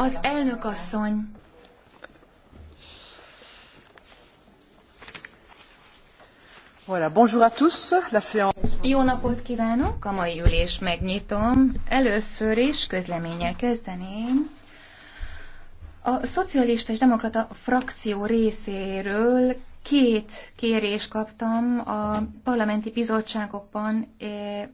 Az elnök asszony. Voilà, bonjour à tous. La séance... Jó napot kívánok, a mai ülés megnyitom. Először is közleménnyel kezdeném. A szocialista és demokrata frakció részéről két kérés kaptam a parlamenti bizottságokban eh,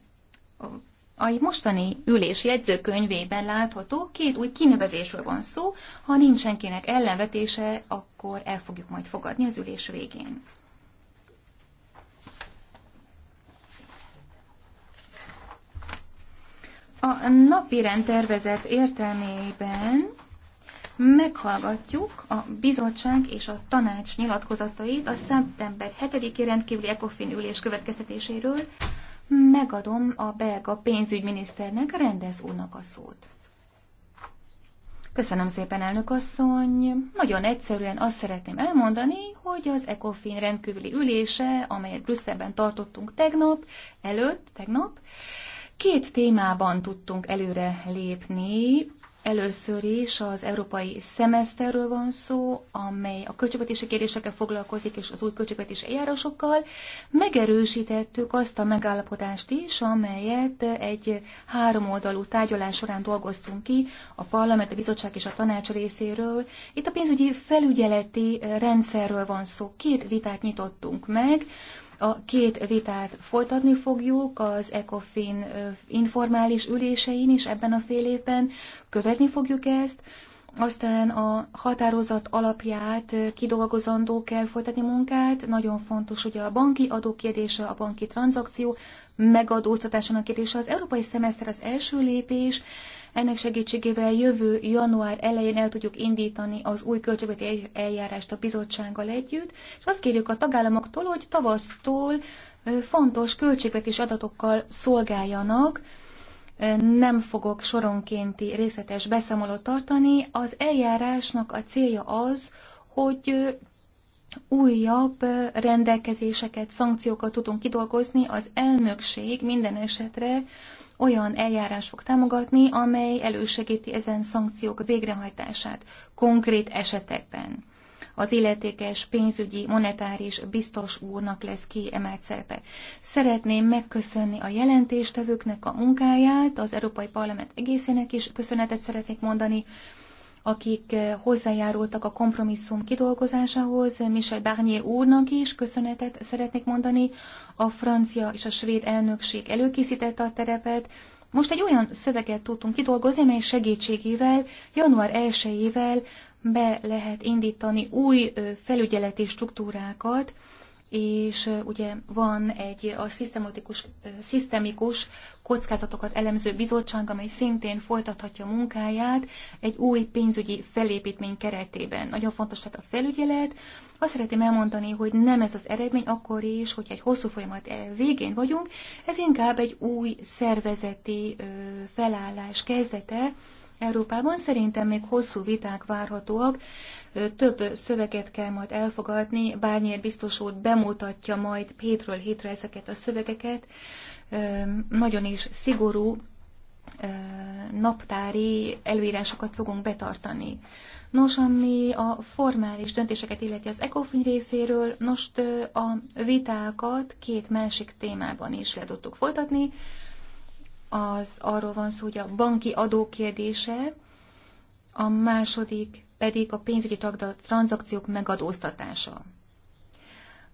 a mostani ülés jegyzőkönyvében látható, két új kinevezésről van szó, ha nincs senkinek ellenvetése, akkor el fogjuk majd fogadni az ülés végén. A napi rendtervezet értelmében meghallgatjuk a bizottság és a tanács nyilatkozatait a szeptember 7-i rendkívüli ECOFIN ülés következtetéséről, megadom a belga pénzügyminiszternek, rendez úrnak a szót. Köszönöm szépen, elnök asszony. Nagyon egyszerűen azt szeretném elmondani, hogy az ECOFIN rendkívüli ülése, amelyet Brüsszelben tartottunk tegnap, előtt, tegnap, két témában tudtunk előre lépni, Először is az európai szemeszterről van szó, amely a költségvetési kérdésekkel foglalkozik, és az új költségvetési eljárásokkal. Megerősítettük azt a megállapodást is, amelyet egy három oldalú tárgyalás során dolgoztunk ki a parlament, a bizottság és a tanács részéről. Itt a pénzügyi felügyeleti rendszerről van szó. Két vitát nyitottunk meg a két vitát folytatni fogjuk az ECOFIN informális ülésein is ebben a fél évben. Követni fogjuk ezt. Aztán a határozat alapját kidolgozandó kell folytatni munkát. Nagyon fontos ugye a banki adó kérdése, a banki tranzakció megadóztatásának kérdése. Az európai szemeszter az első lépés, ennek segítségével jövő január elején el tudjuk indítani az új költségvetési eljárást a bizottsággal együtt, és azt kérjük a tagállamoktól, hogy tavasztól fontos költségvetési adatokkal szolgáljanak, nem fogok soronkénti részletes beszámolót tartani. Az eljárásnak a célja az, hogy újabb rendelkezéseket, szankciókat tudunk kidolgozni. Az elnökség minden esetre olyan eljárás fog támogatni, amely elősegíti ezen szankciók végrehajtását konkrét esetekben. Az illetékes pénzügyi monetáris biztos úrnak lesz kiemelt szerepe. Szeretném megköszönni a jelentéstevőknek a munkáját, az Európai Parlament egészének is köszönetet szeretnék mondani, akik eh, hozzájárultak a kompromisszum kidolgozásához. Michel Barnier úrnak is köszönetet szeretnék mondani. A francia és a svéd elnökség előkészítette a terepet. Most egy olyan szöveget tudtunk kidolgozni, mely segítségével január 1-ével be lehet indítani új felügyeleti struktúrákat, és ugye van egy a szisztematikus, szisztemikus kockázatokat elemző bizottság, amely szintén folytathatja munkáját egy új pénzügyi felépítmény keretében. Nagyon fontos tehát a felügyelet. Azt szeretném elmondani, hogy nem ez az eredmény akkor is, hogy egy hosszú folyamat végén vagyunk, ez inkább egy új szervezeti felállás kezdete, Európában szerintem még hosszú viták várhatóak, több szöveget kell majd elfogadni. bármilyen biztos úr bemutatja majd hétről hétre ezeket a szövegeket. Nagyon is szigorú naptári előírásokat fogunk betartani. Nos, ami a formális döntéseket illeti az ECOFIN részéről, most a vitákat két másik témában is le tudtuk folytatni. Az arról van szó, hogy a banki adó kérdése, a második pedig a pénzügyi tranzakciók megadóztatása.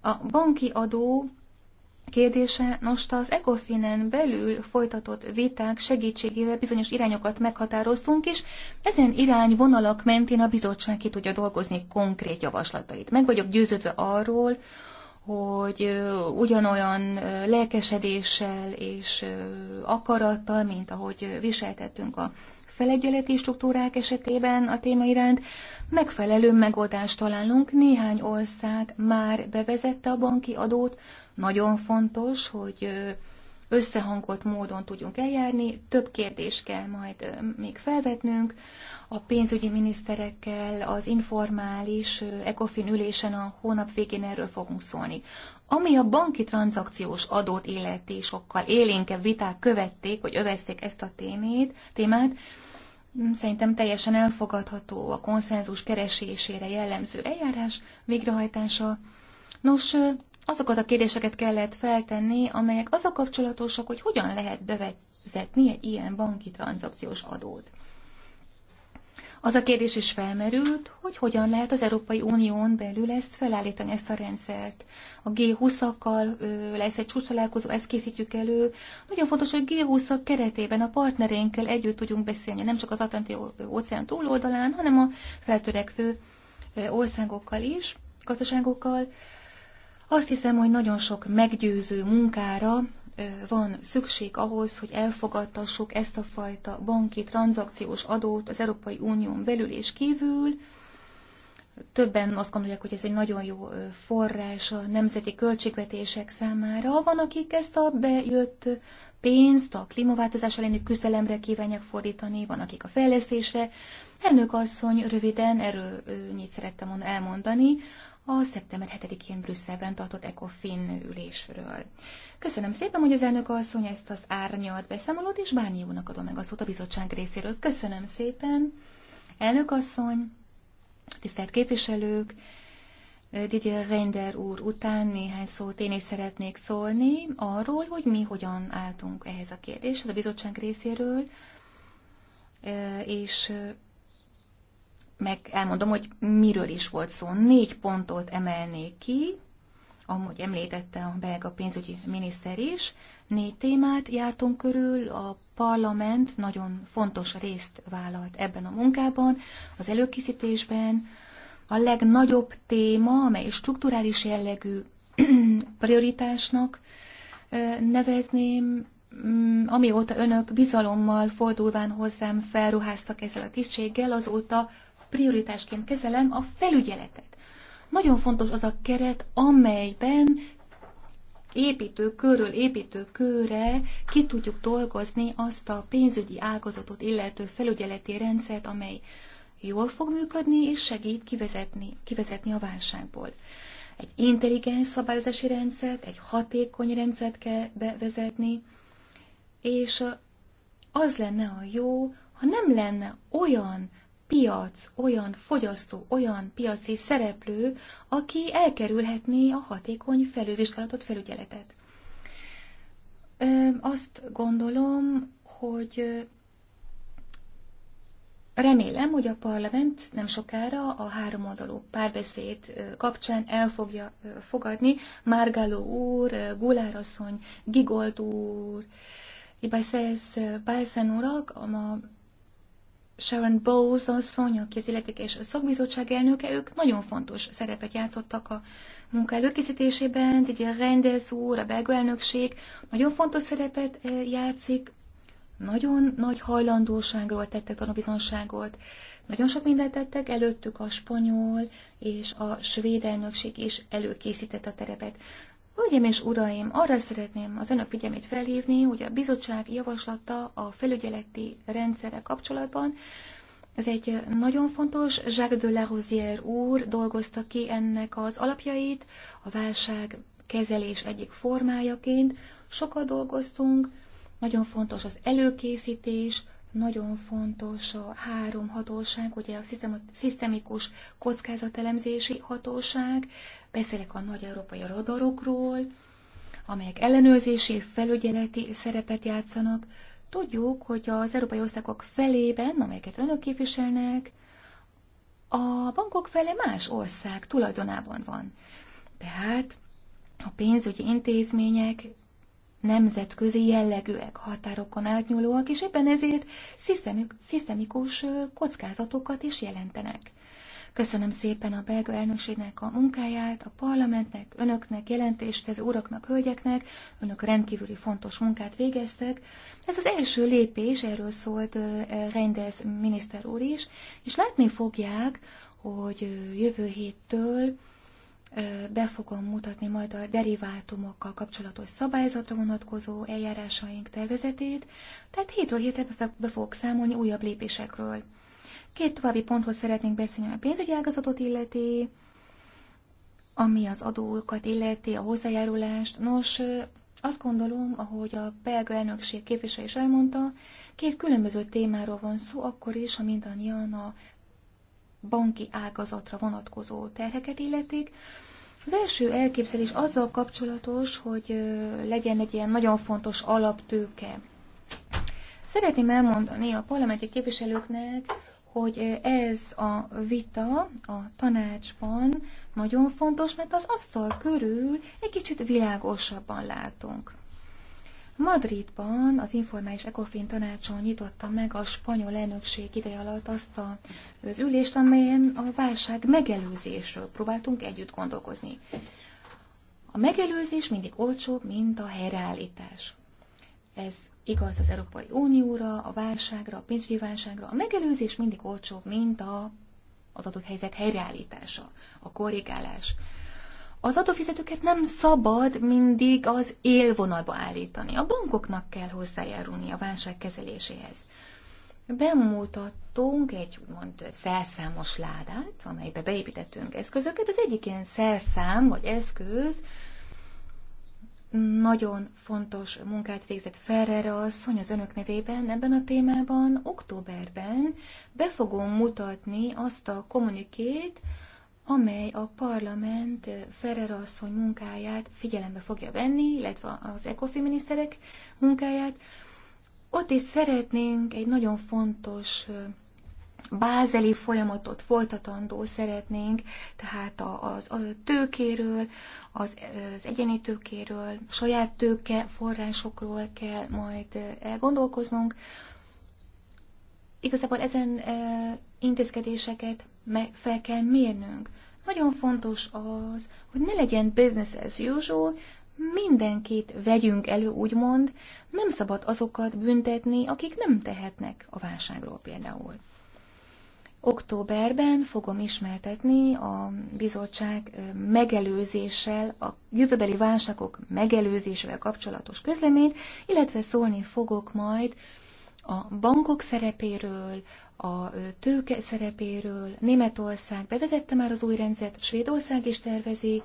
A banki adó kérdése most az ECOFIN-en belül folytatott viták segítségével bizonyos irányokat meghatároztunk, és ezen irány vonalak mentén a bizottság ki tudja dolgozni konkrét javaslatait. Meg vagyok győződve arról, hogy ugyanolyan lelkesedéssel és akarattal, mint ahogy viseltettünk a felegyeleti struktúrák esetében a téma iránt, megfelelő megoldást találunk. Néhány ország már bevezette a banki adót. Nagyon fontos, hogy összehangolt módon tudjunk eljárni. Több kérdést kell majd még felvetnünk. A pénzügyi miniszterekkel az informális ECOFIN ülésen a hónap végén erről fogunk szólni. Ami a banki tranzakciós adót illeti, sokkal élénkebb viták követték, hogy övezték ezt a témét, témát, Szerintem teljesen elfogadható a konszenzus keresésére jellemző eljárás végrehajtása. Nos, azokat a kérdéseket kellett feltenni, amelyek az a kapcsolatosak, hogy hogyan lehet bevezetni egy ilyen banki tranzakciós adót. Az a kérdés is felmerült, hogy hogyan lehet az Európai Unión belül ezt felállítani, ezt a rendszert. A G20-akkal lesz egy csúcsalálkozó, ezt készítjük elő. Nagyon fontos, hogy G20-ak keretében a partnereinkkel együtt tudjunk beszélni, nem csak az Atlanti óceán túloldalán, hanem a feltörekvő országokkal is, gazdaságokkal. Azt hiszem, hogy nagyon sok meggyőző munkára van szükség ahhoz, hogy elfogadtassuk ezt a fajta banki tranzakciós adót az Európai Unión belül és kívül. Többen azt gondolják, hogy ez egy nagyon jó forrás a nemzeti költségvetések számára. Van, akik ezt a bejött pénzt a klímaváltozás elleni küzdelemre kívánják fordítani, van, akik a fejlesztésre. Elnök asszony, röviden erről nyit szerettem volna elmondani a szeptember 7-én Brüsszelben tartott ECOFIN ülésről. Köszönöm szépen, hogy az elnök asszony ezt az árnyalt beszámolót, és Bányi úrnak adom meg a szót a bizottság részéről. Köszönöm szépen, elnök asszony, tisztelt képviselők, Didier Reinder úr után néhány szót én is szeretnék szólni arról, hogy mi hogyan álltunk ehhez a kérdéshez a bizottság részéről, és meg elmondom, hogy miről is volt szó. Négy pontot emelnék ki, amúgy említette a belga pénzügyi miniszter is. Négy témát jártunk körül, a parlament nagyon fontos részt vállalt ebben a munkában, az előkészítésben. A legnagyobb téma, amely strukturális jellegű prioritásnak nevezném, mm, amióta önök bizalommal fordulván hozzám felruháztak ezzel a tisztséggel, azóta prioritásként kezelem a felügyeletet. Nagyon fontos az a keret, amelyben építőkörről építőkörre ki tudjuk dolgozni azt a pénzügyi ágazatot illető felügyeleti rendszert, amely jól fog működni és segít kivezetni, kivezetni a válságból. Egy intelligens szabályozási rendszert, egy hatékony rendszert kell bevezetni, és az lenne a jó, ha nem lenne olyan piac, olyan fogyasztó, olyan piaci szereplő, aki elkerülhetné a hatékony felülvizsgálatot, felügyeletet. Azt gondolom, hogy remélem, hogy a parlament nem sokára a háromoldalú párbeszéd kapcsán el fogja fogadni Márgáló úr, Gulárasszony, Gigold úr, Ibászesz, Bálszán urak, a Sharon Bowes asszony, aki az illetékes szakbizottság elnöke, ők nagyon fontos szerepet játszottak a munka előkészítésében, ugye a úr, a belga elnökség nagyon fontos szerepet eh, játszik, nagyon nagy hajlandóságról tettek tanúbizonságot, nagyon sok mindent tettek, előttük a spanyol és a svéd elnökség is előkészített a terepet. Hölgyeim és uraim, arra szeretném az önök figyelmét felhívni, hogy a bizottság javaslata a felügyeleti rendszere kapcsolatban, ez egy nagyon fontos, Jacques de la Rosière úr dolgozta ki ennek az alapjait, a válság kezelés egyik formájaként. Sokat dolgoztunk, nagyon fontos az előkészítés, nagyon fontos a három hatóság, ugye a szisztemikus kockázatelemzési hatóság, beszélek a nagy európai radarokról, amelyek ellenőrzési, felügyeleti szerepet játszanak. Tudjuk, hogy az európai országok felében, amelyeket önök képviselnek, a bankok fele más ország tulajdonában van. Tehát a pénzügyi intézmények nemzetközi jellegűek, határokon átnyúlóak, és éppen ezért szisztemikus kockázatokat is jelentenek. Köszönöm szépen a belga elnökségnek a munkáját, a parlamentnek, önöknek, jelentéstevő uraknak, hölgyeknek. Önök rendkívüli fontos munkát végeztek. Ez az első lépés, erről szólt Reinders miniszter úr is, és látni fogják, hogy jövő héttől be fogom mutatni majd a derivátumokkal kapcsolatos szabályzatra vonatkozó eljárásaink tervezetét, tehát hétről hétre be fogok számolni újabb lépésekről. Két további ponthoz szeretnénk beszélni, a pénzügyi ágazatot illeti, ami az adókat illeti, a hozzájárulást. Nos, azt gondolom, ahogy a belga elnökség képviselő is elmondta, két különböző témáról van szó, akkor is, ha mindannyian a banki ágazatra vonatkozó terheket illetik. Az első elképzelés azzal kapcsolatos, hogy legyen egy ilyen nagyon fontos alaptőke. Szeretném elmondani a parlamenti képviselőknek, hogy ez a vita a tanácsban nagyon fontos, mert az asztal körül egy kicsit világosabban látunk. Madridban az informális ECOFIN tanácson nyitotta meg a spanyol elnökség ideje alatt azt a, az ülést, amelyen a válság megelőzésről próbáltunk együtt gondolkozni. A megelőzés mindig olcsóbb, mint a helyreállítás. Ez igaz az Európai Unióra, a válságra, a pénzügyi válságra. A megelőzés mindig olcsóbb, mint a, az adott helyzet helyreállítása, a korrigálás. Az adófizetőket nem szabad mindig az élvonalba állítani. A bankoknak kell hozzájárulni a válság kezeléséhez. Bemutattunk egy úgymond szerszámos ládát, amelybe beépítettünk eszközöket. Az egyik ilyen szerszám vagy eszköz nagyon fontos munkát végzett Ferrer asszony az önök nevében ebben a témában. Októberben be fogom mutatni azt a kommunikét, amely a parlament eh, Ferrer asszony munkáját figyelembe fogja venni, illetve az ECOFI munkáját. Ott is szeretnénk egy nagyon fontos eh, bázeli folyamatot folytatandó szeretnénk, tehát az a tőkéről, az, az egyéni tőkéről, saját tőke forrásokról kell majd eh, elgondolkoznunk, Igazából ezen e, intézkedéseket meg fel kell mérnünk. Nagyon fontos az, hogy ne legyen business as usual, mindenkit vegyünk elő, úgymond, nem szabad azokat büntetni, akik nem tehetnek a válságról például. Októberben fogom ismertetni a bizottság megelőzéssel, a jövőbeli válságok megelőzésével kapcsolatos közleményt, illetve szólni fogok majd a bankok szerepéről, a tőke szerepéről. Németország bevezette már az új rendszert, Svédország is tervezi.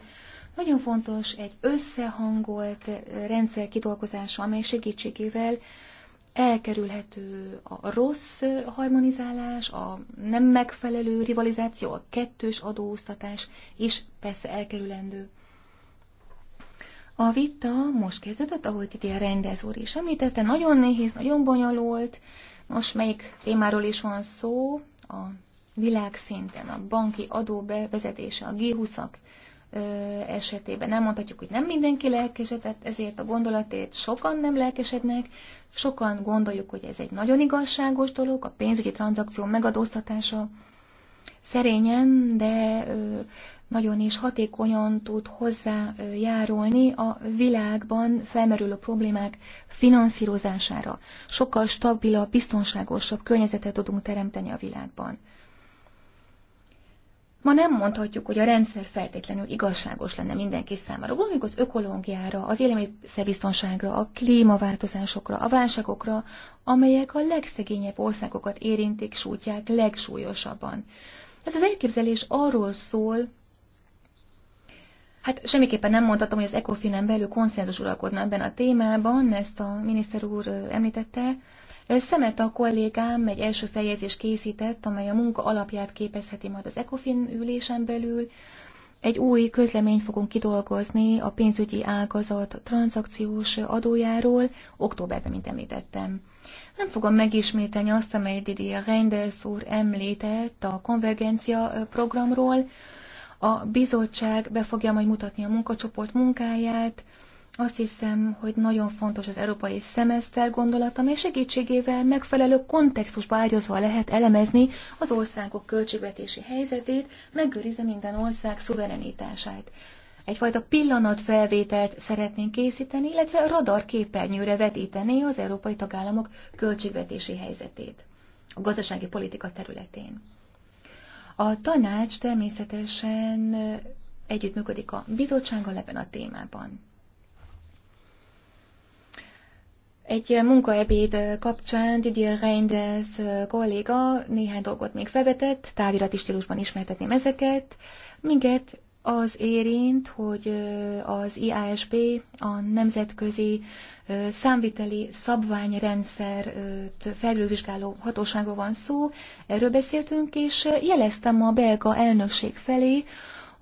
Nagyon fontos egy összehangolt rendszer kidolgozása, amely segítségével elkerülhető a rossz harmonizálás, a nem megfelelő rivalizáció, a kettős adóztatás is persze elkerülendő. A vita most kezdődött, ahogy itt a rendező is említette, nagyon nehéz, nagyon bonyolult. Most melyik témáról is van szó, a világszinten a banki adó bevezetése, a G20-ak esetében nem mondhatjuk, hogy nem mindenki lelkesedett, ezért a gondolatért sokan nem lelkesednek, sokan gondoljuk, hogy ez egy nagyon igazságos dolog, a pénzügyi tranzakció megadóztatása szerényen, de nagyon is hatékonyan tud hozzájárulni a világban felmerülő problémák finanszírozására. Sokkal stabilabb, biztonságosabb környezetet tudunk teremteni a világban. Ma nem mondhatjuk, hogy a rendszer feltétlenül igazságos lenne mindenki számára. Gondoljuk az ökológiára, az élelmiszerbiztonságra, a klímaváltozásokra, a válságokra, amelyek a legszegényebb országokat érintik, sújtják legsúlyosabban. Ez az elképzelés arról szól, Hát semmiképpen nem mondhatom, hogy az ECOFIN-en belül konszenzus uralkodna ebben a témában, ezt a miniszter úr említette. Szemet a kollégám egy első feljegyzést készített, amely a munka alapját képezheti majd az ECOFIN ülésen belül. Egy új közleményt fogunk kidolgozni a pénzügyi ágazat tranzakciós adójáról októberben, mint említettem. Nem fogom megismételni azt, amely Didier Reinders úr említett a konvergencia programról, a bizottság be fogja majd mutatni a munkacsoport munkáját. Azt hiszem, hogy nagyon fontos az európai szemeszter gondolata, mely segítségével megfelelő kontextusba ágyazva lehet elemezni az országok költségvetési helyzetét, megőrizve minden ország szuverenitását. Egyfajta pillanatfelvételt szeretnénk készíteni, illetve radarképernyőre vetíteni az európai tagállamok költségvetési helyzetét a gazdasági politika területén. A tanács természetesen együttműködik a bizottsággal ebben a témában. Egy munkaebéd kapcsán Didier Reinders kolléga néhány dolgot még felvetett, távirati stílusban ismertetném ezeket. Minket az érint, hogy az IASB a nemzetközi számviteli szabványrendszert felülvizsgáló hatóságról van szó, erről beszéltünk, és jeleztem a belga elnökség felé,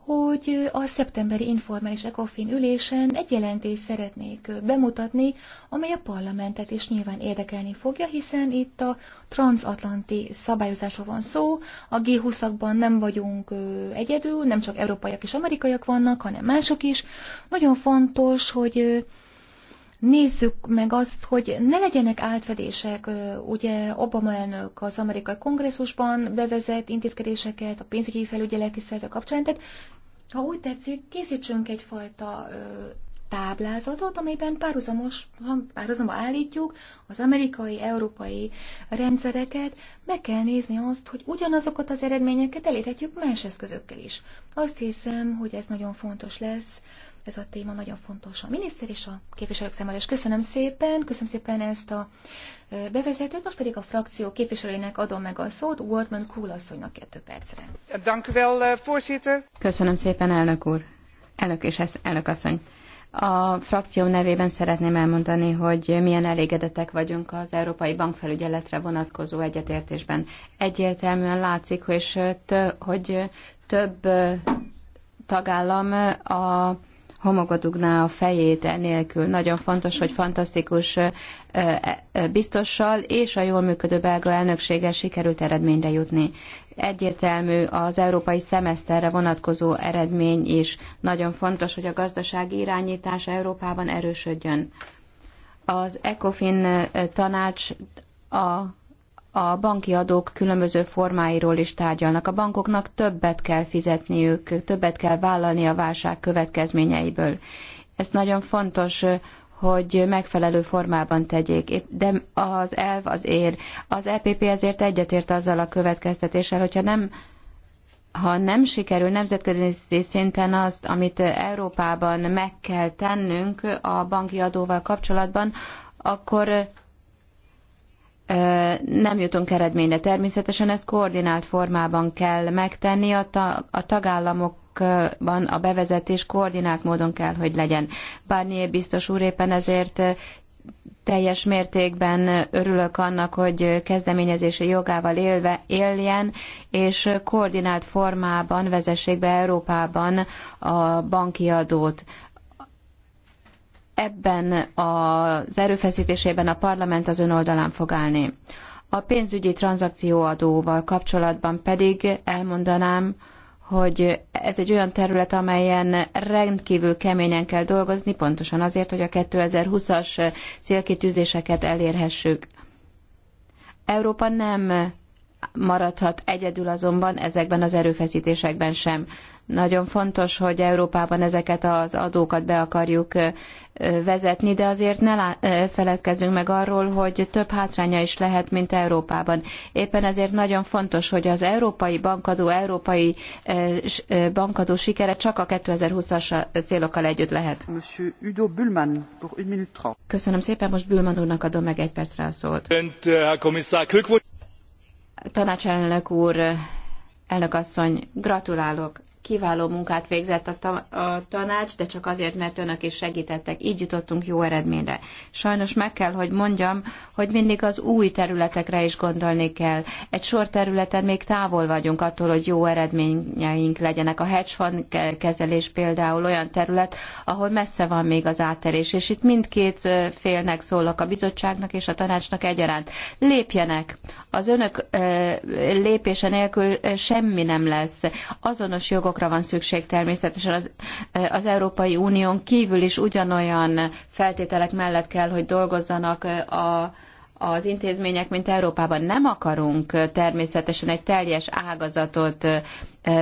hogy a szeptemberi informális ECOFIN ülésen egy jelentést szeretnék bemutatni, amely a parlamentet is nyilván érdekelni fogja, hiszen itt a transatlanti szabályozásról van szó, a G20-akban nem vagyunk egyedül, nem csak európaiak és amerikaiak vannak, hanem mások is. Nagyon fontos, hogy nézzük meg azt, hogy ne legyenek átfedések. Ugye Obama elnök az amerikai kongresszusban bevezet intézkedéseket a pénzügyi felügyeleti szerve kapcsán, tehát ha úgy tetszik, készítsünk egyfajta táblázatot, amelyben párhuzamos, párhuzamba állítjuk az amerikai, európai rendszereket, meg kell nézni azt, hogy ugyanazokat az eredményeket elérhetjük más eszközökkel is. Azt hiszem, hogy ez nagyon fontos lesz ez a téma nagyon fontos. A miniszter és a képviselők számára és köszönöm szépen, köszönöm szépen ezt a bevezetőt, most pedig a frakció képviselőinek adom meg a szót, Wortman Kuhl asszonynak kettő percre. Eh, köszönöm szépen, elnök úr. Elnök és elnök asszony. A frakció nevében szeretném elmondani, hogy milyen elégedetek vagyunk az Európai Bankfelügyeletre vonatkozó egyetértésben. Egyértelműen látszik, hogy, hogy több tagállam a homokba dugná a fejét nélkül. Nagyon fontos, hogy fantasztikus biztossal és a jól működő belga elnökséggel sikerült eredményre jutni. Egyértelmű az európai szemeszterre vonatkozó eredmény is. Nagyon fontos, hogy a gazdasági irányítás Európában erősödjön. Az ECOFIN tanács a a banki adók különböző formáiról is tárgyalnak. A bankoknak többet kell fizetniük, többet kell vállalni a válság következményeiből. Ez nagyon fontos, hogy megfelelő formában tegyék. De az elv az ér. Az EPP ezért egyetért azzal a következtetéssel, hogyha nem ha nem sikerül nemzetközi szinten azt, amit Európában meg kell tennünk a banki adóval kapcsolatban, akkor nem jutunk eredményre. Természetesen ezt koordinált formában kell megtenni, a, ta, a tagállamok a bevezetés koordinált módon kell, hogy legyen. Barnier biztos úr éppen ezért teljes mértékben örülök annak, hogy kezdeményezési jogával élve éljen, és koordinált formában vezessék be Európában a banki adót ebben az erőfeszítésében a parlament az ön oldalán fog állni. A pénzügyi tranzakcióadóval kapcsolatban pedig elmondanám, hogy ez egy olyan terület, amelyen rendkívül keményen kell dolgozni, pontosan azért, hogy a 2020-as célkitűzéseket elérhessük. Európa nem maradhat egyedül azonban ezekben az erőfeszítésekben sem. Nagyon fontos, hogy Európában ezeket az adókat be akarjuk vezetni, de azért ne feledkezzünk meg arról, hogy több hátránya is lehet, mint Európában. Éppen ezért nagyon fontos, hogy az európai bankadó, európai bankadó sikere csak a 2020-as célokkal együtt lehet. Monsieur Udo Bullman, pour 1 minute Köszönöm szépen, most Bülman úrnak adom meg egy percre a szót. Tanácselnök úr, elnök asszony, gratulálok Kiváló munkát végzett a, ta- a tanács, de csak azért, mert önök is segítettek. Így jutottunk jó eredményre. Sajnos meg kell, hogy mondjam, hogy mindig az új területekre is gondolni kell. Egy sor területen még távol vagyunk attól, hogy jó eredményeink legyenek. A hedge fund kezelés például olyan terület, ahol messze van még az átterés, és itt mindkét félnek szólok, a bizottságnak és a tanácsnak egyaránt. Lépjenek! az önök lépése nélkül semmi nem lesz. Azonos jogokra van szükség természetesen az, az Európai Unión kívül is ugyanolyan feltételek mellett kell, hogy dolgozzanak a az intézmények, mint Európában nem akarunk természetesen egy teljes ágazatot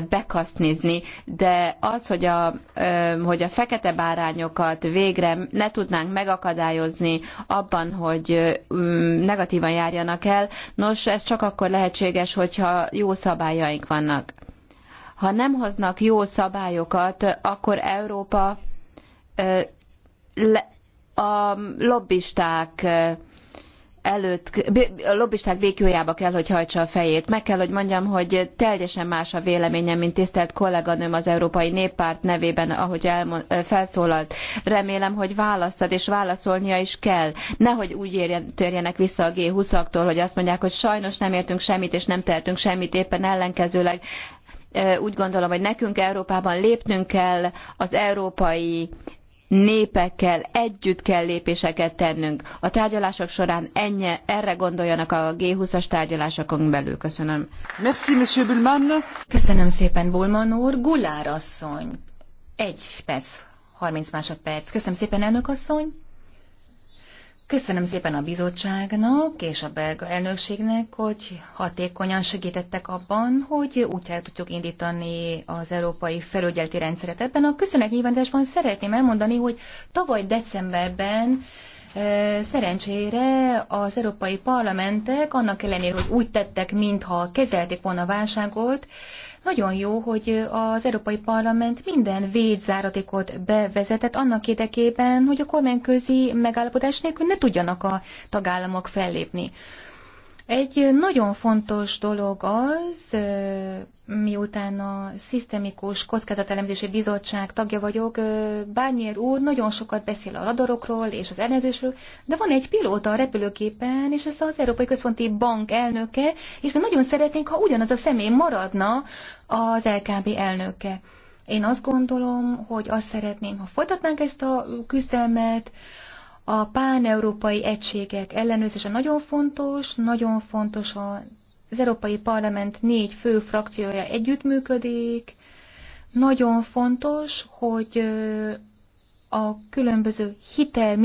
bekasznizni, de az, hogy a, hogy a fekete bárányokat végre ne tudnánk megakadályozni abban, hogy negatívan járjanak el, nos, ez csak akkor lehetséges, hogyha jó szabályaink vannak. Ha nem hoznak jó szabályokat, akkor Európa a lobbisták előtt, a lobbisták békjójába kell, hogy hajtsa a fejét. Meg kell, hogy mondjam, hogy teljesen más a véleményem, mint tisztelt kolléganőm az Európai Néppárt nevében, ahogy elmond, felszólalt. Remélem, hogy választad, és válaszolnia is kell. Nehogy úgy érjen, törjenek vissza a G20-aktól, hogy azt mondják, hogy sajnos nem értünk semmit, és nem tehetünk semmit, éppen ellenkezőleg úgy gondolom, hogy nekünk Európában lépnünk kell az európai népekkel együtt kell lépéseket tennünk. A tárgyalások során ennyi, erre gondoljanak a G20-as tárgyalásokon belül. Köszönöm. Merci, Monsieur Bulman. Köszönöm szépen, Bulman úr. Gulár asszony. Egy perc, 30 másodperc. Köszönöm szépen, elnök asszony. Köszönöm szépen a bizottságnak és a belga elnökségnek, hogy hatékonyan segítettek abban, hogy el tudjuk indítani az európai felügyeleti rendszeret. Ebben a köszönetnyilvántásban szeretném elmondani, hogy tavaly decemberben e, Szerencsére az európai parlamentek annak ellenére, hogy úgy tettek, mintha kezelték volna a válságot, nagyon jó, hogy az Európai Parlament minden védzáratékot bevezetett annak érdekében, hogy a kormányközi megállapodás nélkül ne tudjanak a tagállamok fellépni. Egy nagyon fontos dolog az, miután a Szisztemikus Kockázatelemzési Bizottság tagja vagyok, Bányér úr nagyon sokat beszél a radarokról és az ellenzésről, de van egy pilóta a repülőképen, és ez az Európai Központi Bank elnöke, és mi nagyon szeretnénk, ha ugyanaz a személy maradna az LKB elnöke. Én azt gondolom, hogy azt szeretném, ha folytatnánk ezt a küzdelmet, a pán-európai egységek ellenőrzése nagyon fontos, nagyon fontos az Európai Parlament négy fő frakciója együttműködik, nagyon fontos, hogy a különböző hitel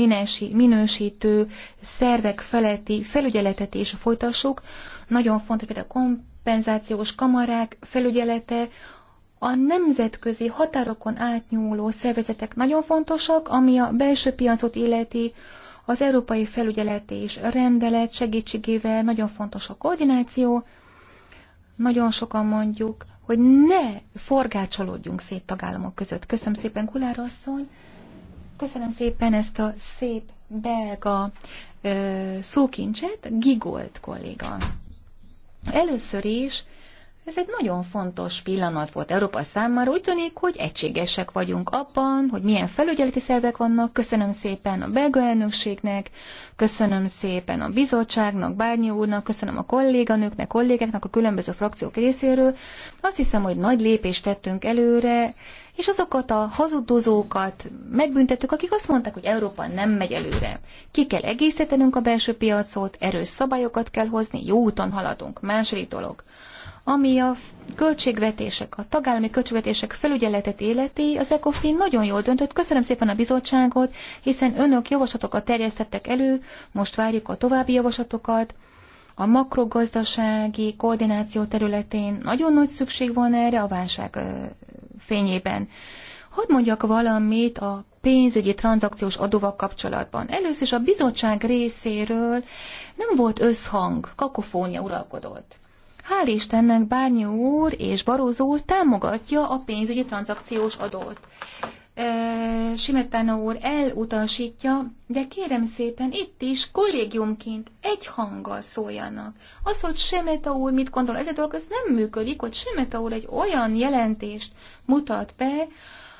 minősítő szervek feletti felügyeletet is folytassuk. Nagyon fontos például a kompenzációs kamarák felügyelete, a nemzetközi határokon átnyúló szervezetek nagyon fontosak, ami a belső piacot illeti, az európai felügyelet és rendelet segítségével nagyon fontos a koordináció. Nagyon sokan mondjuk, hogy ne forgácsolódjunk szét tagállamok között. Köszönöm szépen, Kulár asszony. Köszönöm szépen ezt a szép belga ö, szókincset, Gigolt kolléga. Először is ez egy nagyon fontos pillanat volt Európa számára. Úgy tűnik, hogy egységesek vagyunk abban, hogy milyen felügyeleti szervek vannak. Köszönöm szépen a belga elnökségnek, köszönöm szépen a bizottságnak, Bárnyi úrnak, köszönöm a kolléganőknek, kollégáknak a különböző frakciók részéről. Azt hiszem, hogy nagy lépést tettünk előre, és azokat a hazudozókat megbüntettük, akik azt mondták, hogy Európa nem megy előre. Ki kell egészítenünk a belső piacot, erős szabályokat kell hozni, jó úton haladunk. Második dolog. Ami a költségvetések, a tagállami költségvetések felügyeletet életi, az ECOFIN nagyon jól döntött. Köszönöm szépen a bizottságot, hiszen önök javaslatokat terjesztettek elő, most várjuk a további javaslatokat. A makrogazdasági koordináció területén nagyon nagy szükség van erre a válság fényében. Hadd mondjak valamit a pénzügyi tranzakciós adóval kapcsolatban. Először is a bizottság részéről nem volt összhang, kakofónia uralkodott. Hál' Istennek Bárnyó úr és Barózó úr támogatja a pénzügyi tranzakciós adót. Simetána úr elutasítja, de kérem szépen itt is kollégiumként egy hanggal szóljanak. Az, hogy Semeta úr mit gondol, ez a dolog, ez nem működik, hogy Semeta úr egy olyan jelentést mutat be,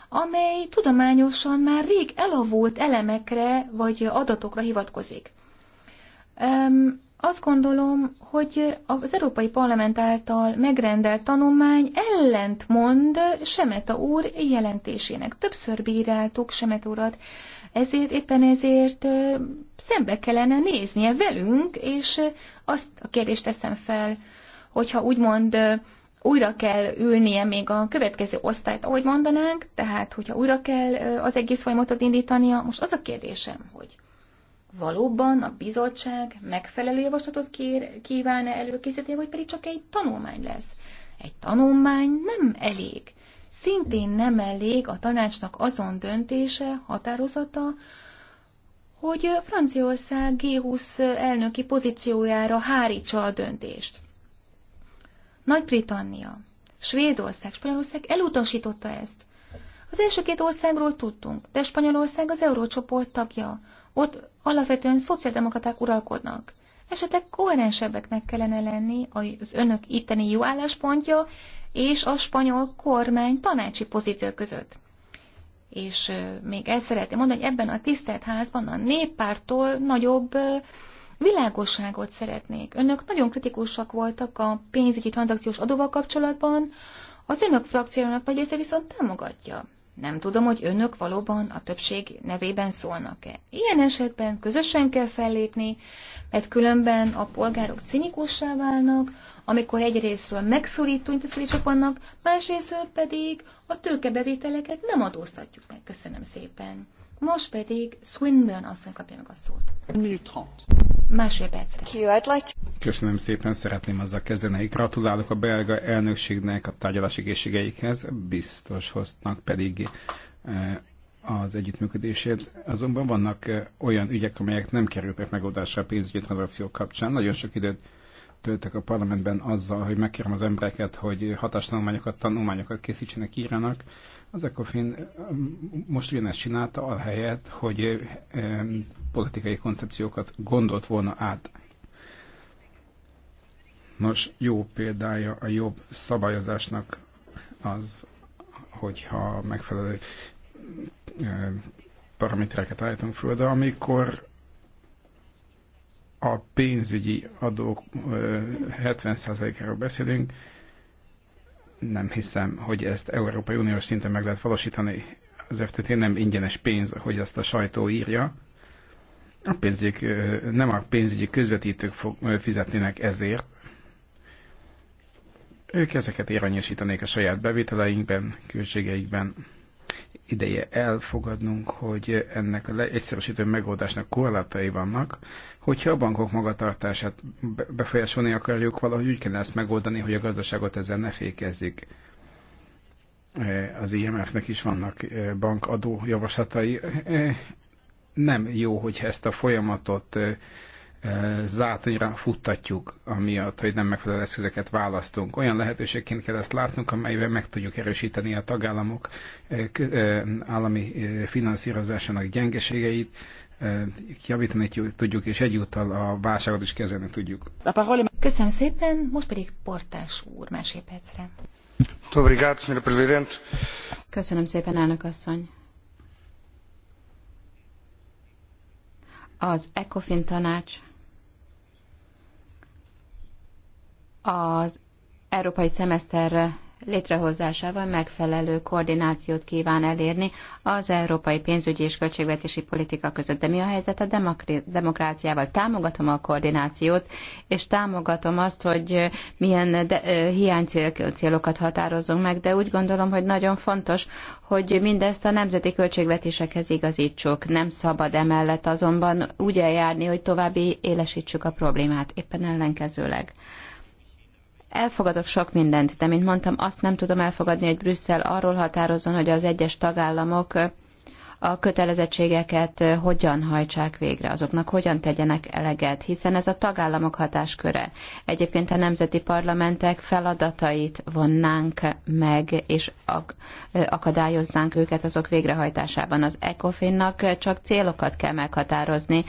amely tudományosan már rég elavult elemekre vagy adatokra hivatkozik. Um, azt gondolom, hogy az Európai Parlament által megrendelt tanulmány ellentmond Semeta úr jelentésének. Többször bíráltuk Semet urat, ezért éppen ezért szembe kellene néznie velünk, és azt a kérdést teszem fel, hogyha úgymond újra kell ülnie még a következő osztályt, ahogy mondanánk, tehát hogyha újra kell az egész folyamatot indítania, most az a kérdésem, hogy valóban a bizottság megfelelő javaslatot kér, kívánna előkészíteni, vagy pedig csak egy tanulmány lesz. Egy tanulmány nem elég. Szintén nem elég a tanácsnak azon döntése, határozata, hogy Franciaország G20 elnöki pozíciójára hárítsa a döntést. Nagy-Britannia, Svédország, Spanyolország elutasította ezt. Az első két országról tudtunk, de Spanyolország az eurócsoport tagja. Ott alapvetően szociáldemokraták uralkodnak. Esetleg koherensebbeknek kellene lenni az önök itteni jó álláspontja és a spanyol kormány tanácsi pozíció között. És még ezt szeretném mondani, hogy ebben a tisztelt házban a néppártól nagyobb világosságot szeretnék. Önök nagyon kritikusak voltak a pénzügyi tranzakciós adóval kapcsolatban, az önök frakciójának nagy része viszont támogatja. Nem tudom, hogy önök valóban a többség nevében szólnak-e. Ilyen esetben közösen kell fellépni, mert különben a polgárok cinikussá válnak, amikor egyrésztről megszorító intézkedések vannak, másrésztről pedig a tőkebevételeket nem adóztatjuk meg. Köszönöm szépen. Most pedig Swinburne asszony kapja meg a szót. Másfél percre. Köszönöm szépen, szeretném azzal kezdeni. Gratulálok a belga elnökségnek a tárgyalási készségeikhez, biztos hoznak pedig eh, az együttműködését. Azonban vannak eh, olyan ügyek, amelyek nem kerültek megoldásra a pénzügyi tranzakciók kapcsán. Nagyon sok időt töltök a parlamentben azzal, hogy megkérem az embereket, hogy hatástanulmányokat, tanulmányokat készítsenek, írjanak az ECOFIN um, most ugyanezt csinálta, helyet, hogy um, politikai koncepciókat gondolt volna át. Nos, jó példája a jobb szabályozásnak az, hogyha megfelelő um, paramétereket állítunk föl, de amikor a pénzügyi adók 70%-áról beszélünk, nem hiszem, hogy ezt Európai Uniós szinten meg lehet valósítani. Az FTT nem ingyenes pénz, hogy azt a sajtó írja. A pénzügyük, nem a pénzügyi közvetítők fog, fizetnének ezért. Ők ezeket érvényesítenék a saját bevételeinkben, költségeikben. Ideje elfogadnunk, hogy ennek a leegyszerűsítő megoldásnak korlátai vannak, Hogyha a bankok magatartását befolyásolni akarjuk, valahogy úgy kellene ezt megoldani, hogy a gazdaságot ezzel ne fékezzük. E, az IMF-nek is vannak e, bankadó javaslatai. E, nem jó, hogyha ezt a folyamatot zátonyra futtatjuk, amiatt, hogy nem megfelelő eszközöket választunk. Olyan lehetőségként kell ezt látnunk, amelyben meg tudjuk erősíteni a tagállamok állami finanszírozásának gyengeségeit, Eh, javítani tudjuk, és egyúttal a válságot is kezelni tudjuk. Köszönöm szépen, most pedig Portás úr másé percre. Köszönöm szépen, elnök asszony. Az ECOFIN tanács az európai szemeszterre létrehozásával megfelelő koordinációt kíván elérni az európai pénzügyi és költségvetési politika között. De mi a helyzet a demokráciával? Támogatom a koordinációt, és támogatom azt, hogy milyen de, hiánycélokat határozzunk meg, de úgy gondolom, hogy nagyon fontos, hogy mindezt a nemzeti költségvetésekhez igazítsuk. Nem szabad emellett azonban úgy eljárni, hogy további élesítsük a problémát, éppen ellenkezőleg. Elfogadok sok mindent, de mint mondtam, azt nem tudom elfogadni, hogy Brüsszel arról határozzon, hogy az egyes tagállamok a kötelezettségeket hogyan hajtsák végre, azoknak hogyan tegyenek eleget, hiszen ez a tagállamok hatásköre. Egyébként a nemzeti parlamentek feladatait vonnánk meg, és akadályoznánk őket azok végrehajtásában. Az ECOFIN-nak csak célokat kell meghatározni,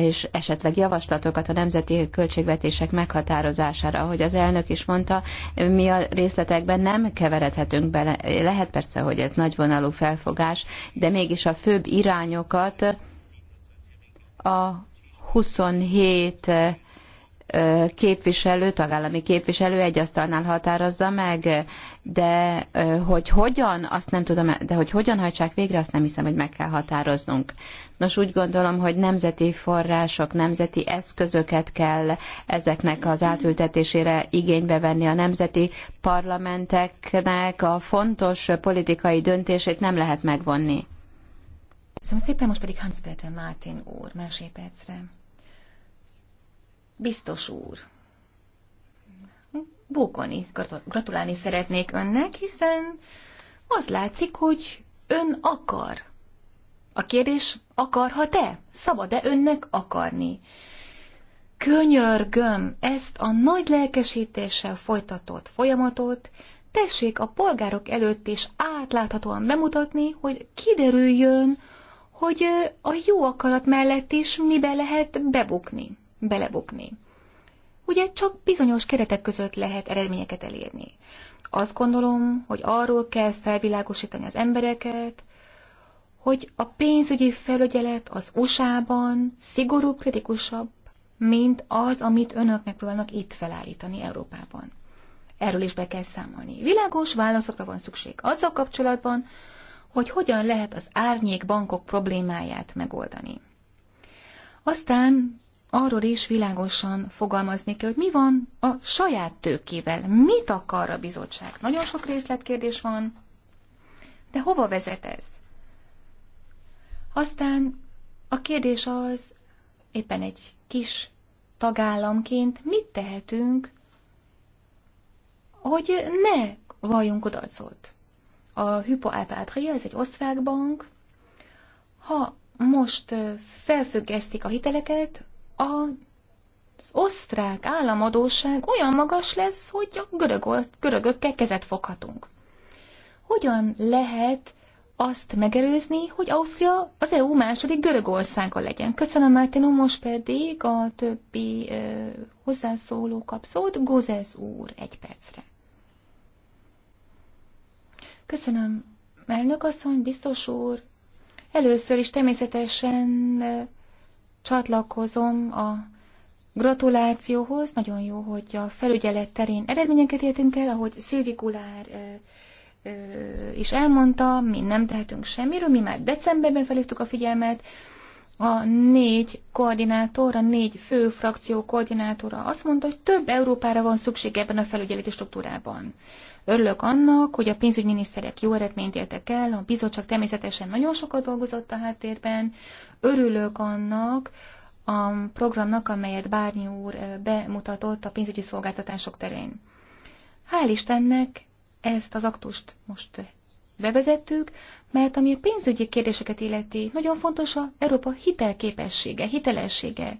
és esetleg javaslatokat a nemzeti költségvetések meghatározására. Ahogy az elnök is mondta, mi a részletekben nem keveredhetünk bele. Lehet persze, hogy ez nagyvonalú felfogás, de mégis a főbb irányokat a 27 képviselő, tagállami képviselő egy asztalnál határozza meg, de hogy hogyan, azt nem tudom, de hogy hogyan hajtsák végre, azt nem hiszem, hogy meg kell határoznunk. Nos, úgy gondolom, hogy nemzeti források, nemzeti eszközöket kell ezeknek az átültetésére igénybe venni. A nemzeti parlamenteknek a fontos politikai döntését nem lehet megvonni. Szóval szépen most pedig Hans-Peter Mártin úr, másé percre. Biztos úr, bókolni, gratulálni szeretnék önnek, hiszen az látszik, hogy ön akar. A kérdés, akarhat-e? Szabad-e önnek akarni? Könyörgöm ezt a nagy lelkesítéssel folytatott folyamatot, tessék a polgárok előtt is átláthatóan bemutatni, hogy kiderüljön, hogy a jó akarat mellett is mibe lehet bebukni belebukni. Ugye csak bizonyos keretek között lehet eredményeket elérni. Azt gondolom, hogy arról kell felvilágosítani az embereket, hogy a pénzügyi felügyelet az USA-ban szigorú kritikusabb, mint az, amit önöknek próbálnak itt felállítani Európában. Erről is be kell számolni. Világos válaszokra van szükség azzal kapcsolatban, hogy hogyan lehet az árnyék bankok problémáját megoldani. Aztán arról is világosan fogalmazni kell, hogy mi van a saját tőkével, mit akar a bizottság. Nagyon sok részletkérdés van, de hova vezet ez? Aztán a kérdés az, éppen egy kis tagállamként mit tehetünk, hogy ne valljunk kudarcot. A Hypo Alpátria, ez egy osztrák bank, ha most felfüggesztik a hiteleket, a az osztrák államadóság olyan magas lesz, hogy a görög, görögökkel kezet foghatunk. Hogyan lehet azt megerőzni, hogy Ausztria az EU második Görögországa legyen. Köszönöm, Mártino, most pedig a többi ö, hozzászóló kap szót. Gozes úr, egy percre. Köszönöm, elnök asszony, biztos úr. Először is természetesen csatlakozom a gratulációhoz. Nagyon jó, hogy a felügyelet terén eredményeket értünk el, ahogy Szilvi Gulár is elmondta, mi nem tehetünk semmiről, mi már decemberben felhívtuk a figyelmet, a négy koordinátor, a négy fő frakció koordinátora azt mondta, hogy több Európára van szükség ebben a felügyeleti struktúrában. Örülök annak, hogy a pénzügyminiszterek jó eredményt értek el, a bizottság természetesen nagyon sokat dolgozott a háttérben. Örülök annak, a programnak, amelyet Bárnyi úr eh, bemutatott a pénzügyi szolgáltatások terén. Hál' Istennek ezt az aktust most bevezettük, mert ami a pénzügyi kérdéseket illeti, nagyon fontos a Európa hitelképessége, hitelessége.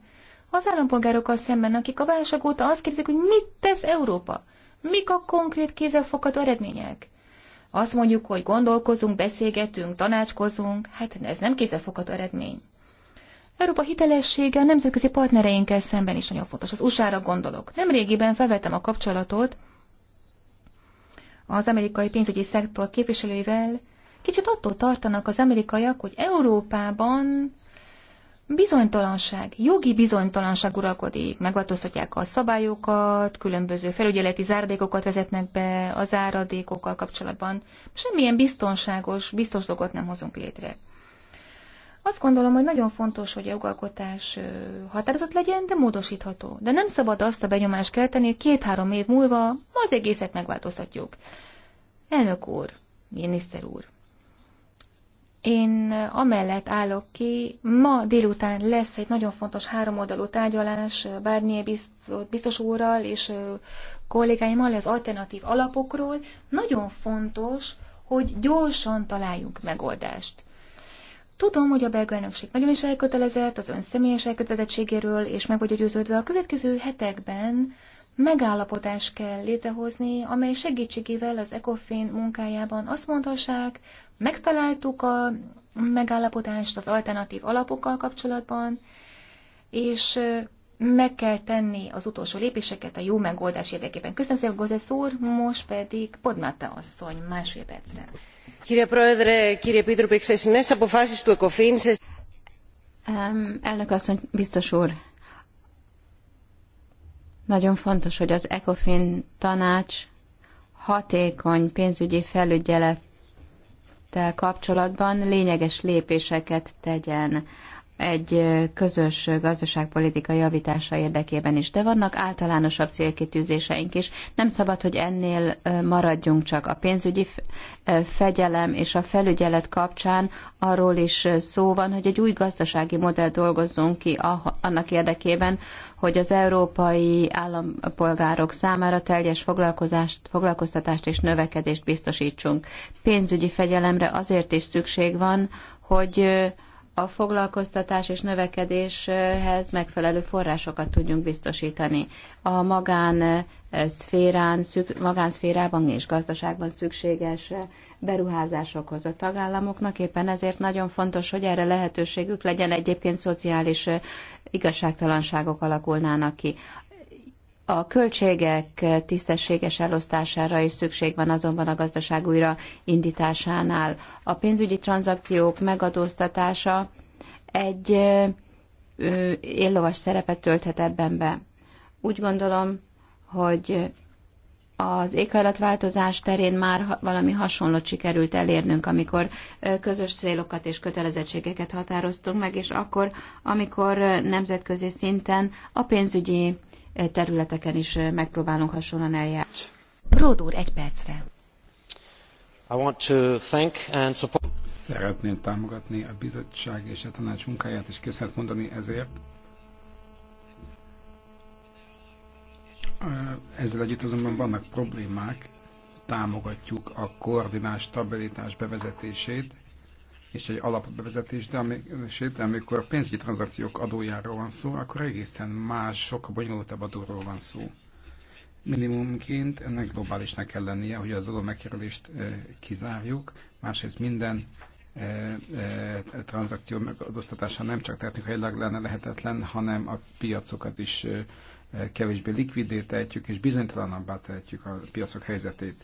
Az állampolgárokkal szemben, akik a válság óta azt kérdezik, hogy mit tesz Európa. Mik a konkrét kézzelfogható eredmények? Azt mondjuk, hogy gondolkozunk, beszélgetünk, tanácskozunk, hát ez nem kézzelfogható eredmény. Európa hitelessége a nemzetközi partnereinkkel szemben is nagyon fontos. Az USA-ra gondolok. Nemrégiben felvettem a kapcsolatot az amerikai pénzügyi szektor képviselőivel. Kicsit attól tartanak az amerikaiak, hogy Európában bizonytalanság, jogi bizonytalanság uralkodik. Megváltoztatják a szabályokat, különböző felügyeleti záradékokat vezetnek be az záradékokkal kapcsolatban. Semmilyen biztonságos, biztos dolgot nem hozunk létre. Azt gondolom, hogy nagyon fontos, hogy a jogalkotás határozott legyen, de módosítható. De nem szabad azt a benyomást kelteni, hogy két-három év múlva az egészet megváltoztatjuk. Elnök úr, miniszter úr, én amellett állok ki, ma délután lesz egy nagyon fontos háromoldalú tárgyalás Barnier biztos, biztos úrral és kollégáimmal az alternatív alapokról. Nagyon fontos, hogy gyorsan találjunk megoldást. Tudom, hogy a belga elnökség nagyon is elkötelezett az ön személyes elkötelezettségéről, és meg vagyok győződve a következő hetekben megállapodást kell létrehozni, amely segítségével az ECOFIN munkájában azt mondhassák, megtaláltuk a megállapodást az alternatív alapokkal kapcsolatban, és meg kell tenni az utolsó lépéseket a jó megoldás érdekében. Köszönöm szépen, Gozesz úr, most pedig Podmáta asszony másfél percre. Kire Prodre, kire Pidrupik, szeszines, apofásis tu ECOFIN. Elnök asszony, biztos úr, nagyon fontos, hogy az ECOFIN tanács hatékony pénzügyi felügyelettel kapcsolatban lényeges lépéseket tegyen egy közös gazdaságpolitika javítása érdekében is, de vannak általánosabb célkitűzéseink is. Nem szabad, hogy ennél maradjunk csak a pénzügyi fegyelem és a felügyelet kapcsán. Arról is szó van, hogy egy új gazdasági modell dolgozzunk ki annak érdekében, hogy az európai állampolgárok számára teljes foglalkozást, foglalkoztatást és növekedést biztosítsunk. Pénzügyi fegyelemre azért is szükség van, hogy a foglalkoztatás és növekedéshez megfelelő forrásokat tudjunk biztosítani. A magán eh, szférán, szük, magánszférában és gazdaságban szükséges eh, beruházásokhoz a tagállamoknak. Éppen ezért nagyon fontos, hogy erre lehetőségük legyen, egyébként szociális eh, igazságtalanságok alakulnának ki. A költségek tisztességes elosztására is szükség van azonban a gazdaság újra indításánál. A pénzügyi tranzakciók megadóztatása egy éllovas szerepet tölthet ebben be. Úgy gondolom, hogy az éghajlatváltozás terén már valami hasonlót sikerült elérnünk, amikor közös célokat és kötelezettségeket határoztunk meg, és akkor, amikor nemzetközi szinten a pénzügyi területeken is megpróbálunk hasonlóan eljárni. Bród úr, egy percre. I want to thank and support... Szeretném támogatni a bizottság és a tanács munkáját, és köszönet mondani ezért. Ezzel együtt azonban vannak problémák, támogatjuk a koordinás stabilitás bevezetését, és egy alapbevezetés, de amikor, amikor pénzügyi tranzakciók adójáról van szó, akkor egészen más, sokkal bonyolultabb adóról van szó. Minimumként ennek globálisnak kell lennie, hogy az adó megkerülést kizárjuk, másrészt minden E, e, tranzakció megadóztatása nem csak technikailag lenne lehetetlen, hanem a piacokat is e, kevésbé likvidé tehetjük, és bizonytalanabbá tehetjük a piacok helyzetét.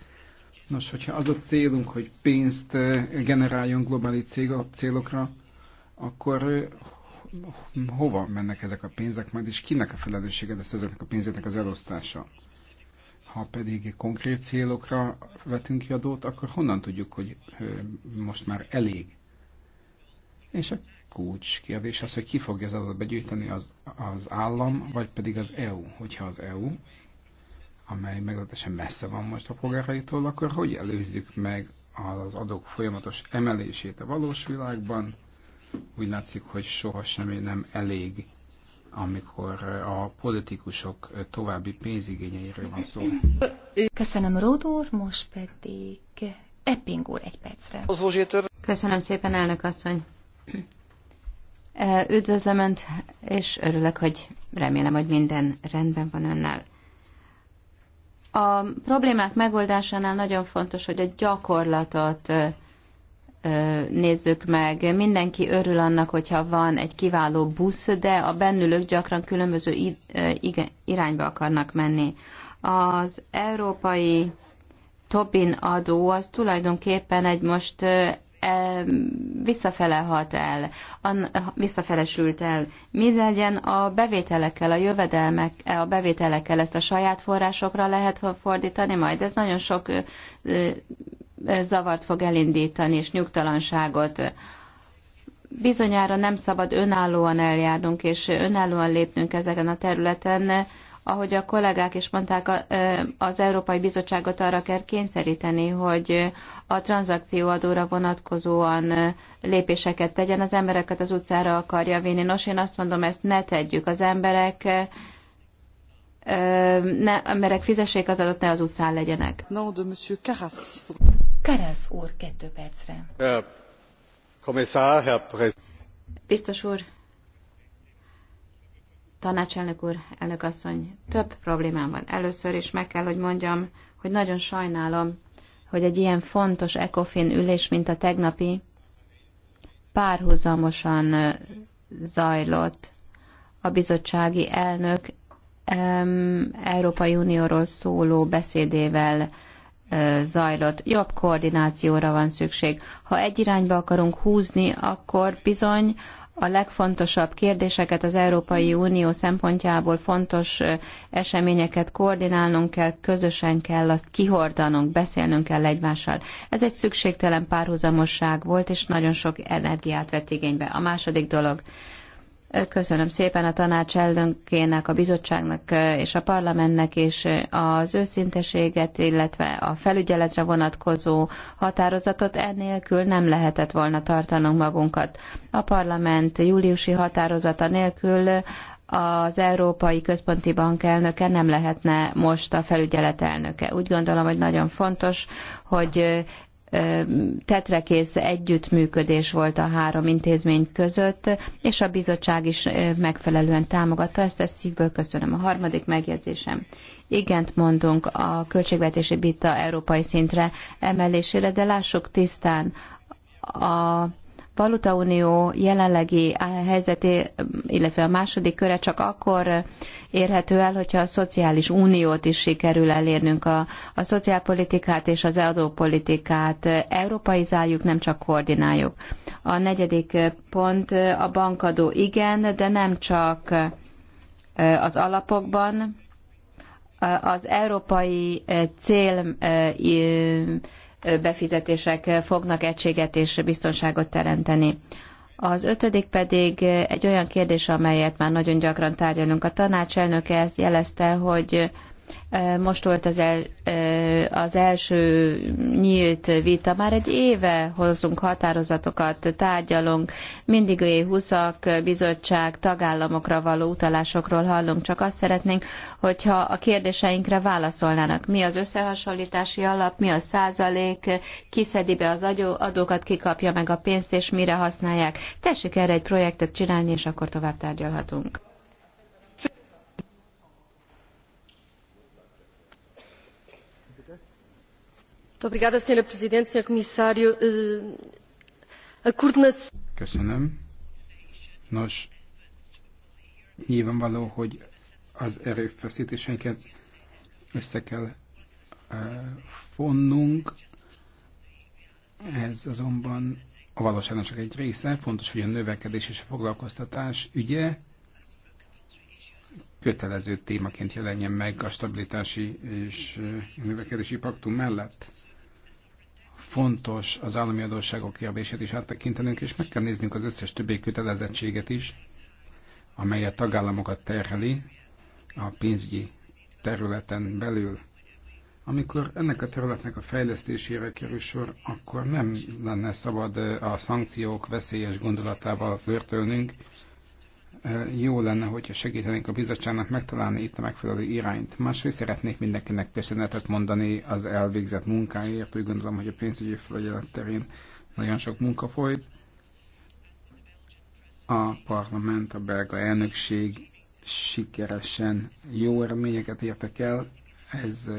Nos, hogyha az a célunk, hogy pénzt eh, generáljon globális célokra, akkor eh, hova mennek ezek a pénzek majd, és kinek a felelőssége lesz ezeknek a pénzeknek az elosztása? Ha pedig konkrét célokra vetünk ki adót, akkor honnan tudjuk, hogy eh, most már elég? És a kulcs kérdés az, hogy ki fogja az adót begyűjteni, az, az állam, vagy pedig az EU. Hogyha az EU, amely meglehetősen messze van most a polgáraitól, akkor hogy előzzük meg az adók folyamatos emelését a valós világban? Úgy látszik, hogy soha semmi nem elég, amikor a politikusok további pénzigényeiről van szó. Köszönöm, Ródor, most pedig Epping úr egy percre. Köszönöm szépen, elnök asszony. Üdvözlöm Önt, és örülök, hogy remélem, hogy minden rendben van Önnel. A problémák megoldásánál nagyon fontos, hogy a gyakorlatot nézzük meg. Mindenki örül annak, hogyha van egy kiváló busz, de a bennülők gyakran különböző irányba akarnak menni. Az európai Tobin adó az tulajdonképpen egy most visszafele hat el, visszafelesült el. Mi legyen a bevételekkel, a jövedelmek, e, a bevételekkel ezt a saját forrásokra lehet fordítani majd? Ez nagyon sok zavart fog elindítani, és nyugtalanságot. Bizonyára nem szabad önállóan eljárnunk, és önállóan lépnünk ezeken a területen, ahogy a kollégák is mondták, az Európai Bizottságot arra kell kényszeríteni, hogy a tranzakcióadóra vonatkozóan lépéseket tegyen, az embereket az utcára akarja vinni. Nos, én azt mondom, ezt ne tegyük. Az emberek ne, emberek fizessék az adott, ne az utcán legyenek. No, de Monsieur Karas. Karas úr, kettő percre. Herr Kommissar, Herr Biztos úr, Tanácselnök úr, elnök asszony, több problémám van. Először is meg kell, hogy mondjam, hogy nagyon sajnálom, hogy egy ilyen fontos ECOFIN ülés, mint a tegnapi, párhuzamosan zajlott a bizottsági elnök Európai Unióról szóló beszédével zajlott. Jobb koordinációra van szükség. Ha egy irányba akarunk húzni, akkor bizony a legfontosabb kérdéseket az Európai Unió szempontjából fontos eseményeket koordinálnunk kell, közösen kell azt kihordanunk, beszélnünk kell egymással. Ez egy szükségtelen párhuzamosság volt, és nagyon sok energiát vett igénybe. A második dolog, Köszönöm szépen a tanács elnökének, a bizottságnak és a parlamentnek is az őszinteséget, illetve a felügyeletre vonatkozó határozatot ennélkül nem lehetett volna tartanunk magunkat. A parlament júliusi határozata nélkül az Európai Központi Bank elnöke nem lehetne most a felügyelet elnöke. Úgy gondolom, hogy nagyon fontos, hogy tetrekész együttműködés volt a három intézmény között, és a bizottság is megfelelően támogatta ezt, ezt szívből köszönöm. A harmadik megjegyzésem. Igent mondunk a költségvetési vita európai szintre emelésére, de lássuk tisztán, a valutaunió jelenlegi helyzeté, illetve a második köre csak akkor érhető el, hogyha a szociális uniót is sikerül elérnünk, a, a szociálpolitikát és az adópolitikát európaizáljuk, nem csak koordináljuk. A negyedik pont a bankadó igen, de nem csak az alapokban, az európai cél befizetések fognak egységet és biztonságot teremteni. Az ötödik pedig egy olyan kérdés, amelyet már nagyon gyakran tárgyalunk. A elnöke ezt jelezte, hogy most volt az, el, az első nyílt vita, már egy éve hozunk határozatokat, tárgyalunk, mindig a 20 ak bizottság, tagállamokra való utalásokról hallunk, csak azt szeretnénk, hogyha a kérdéseinkre válaszolnának. Mi az összehasonlítási alap, mi a százalék, ki szedi be az adókat, ki kapja meg a pénzt, és mire használják. Tessék erre egy projektet csinálni, és akkor tovább tárgyalhatunk. Eh, Köszönöm. nyilvánvaló, hogy az erőfeszítéseinket össze kell vonnunk eh, fonnunk. Ez azonban a valóságnak csak egy része. Fontos, hogy a növekedés és a foglalkoztatás ügye kötelező témaként jelenjen meg a stabilitási és eh, növekedési paktum mellett fontos az állami adósságok kérdését is áttekintenünk, és meg kell néznünk az összes többi kötelezettséget is, amely a tagállamokat terheli a pénzügyi területen belül. Amikor ennek a területnek a fejlesztésére kerül sor, akkor nem lenne szabad a szankciók veszélyes gondolatával flörtölnünk, Eh, jó lenne, hogyha segítenénk a bizottságnak megtalálni itt a megfelelő irányt. Másrészt szeretnék mindenkinek köszönetet mondani az elvégzett munkáért. Úgy gondolom, hogy a pénzügyi felügyelet terén nagyon sok munka folyt. A parlament, a belga elnökség sikeresen jó eredményeket értek el. Ez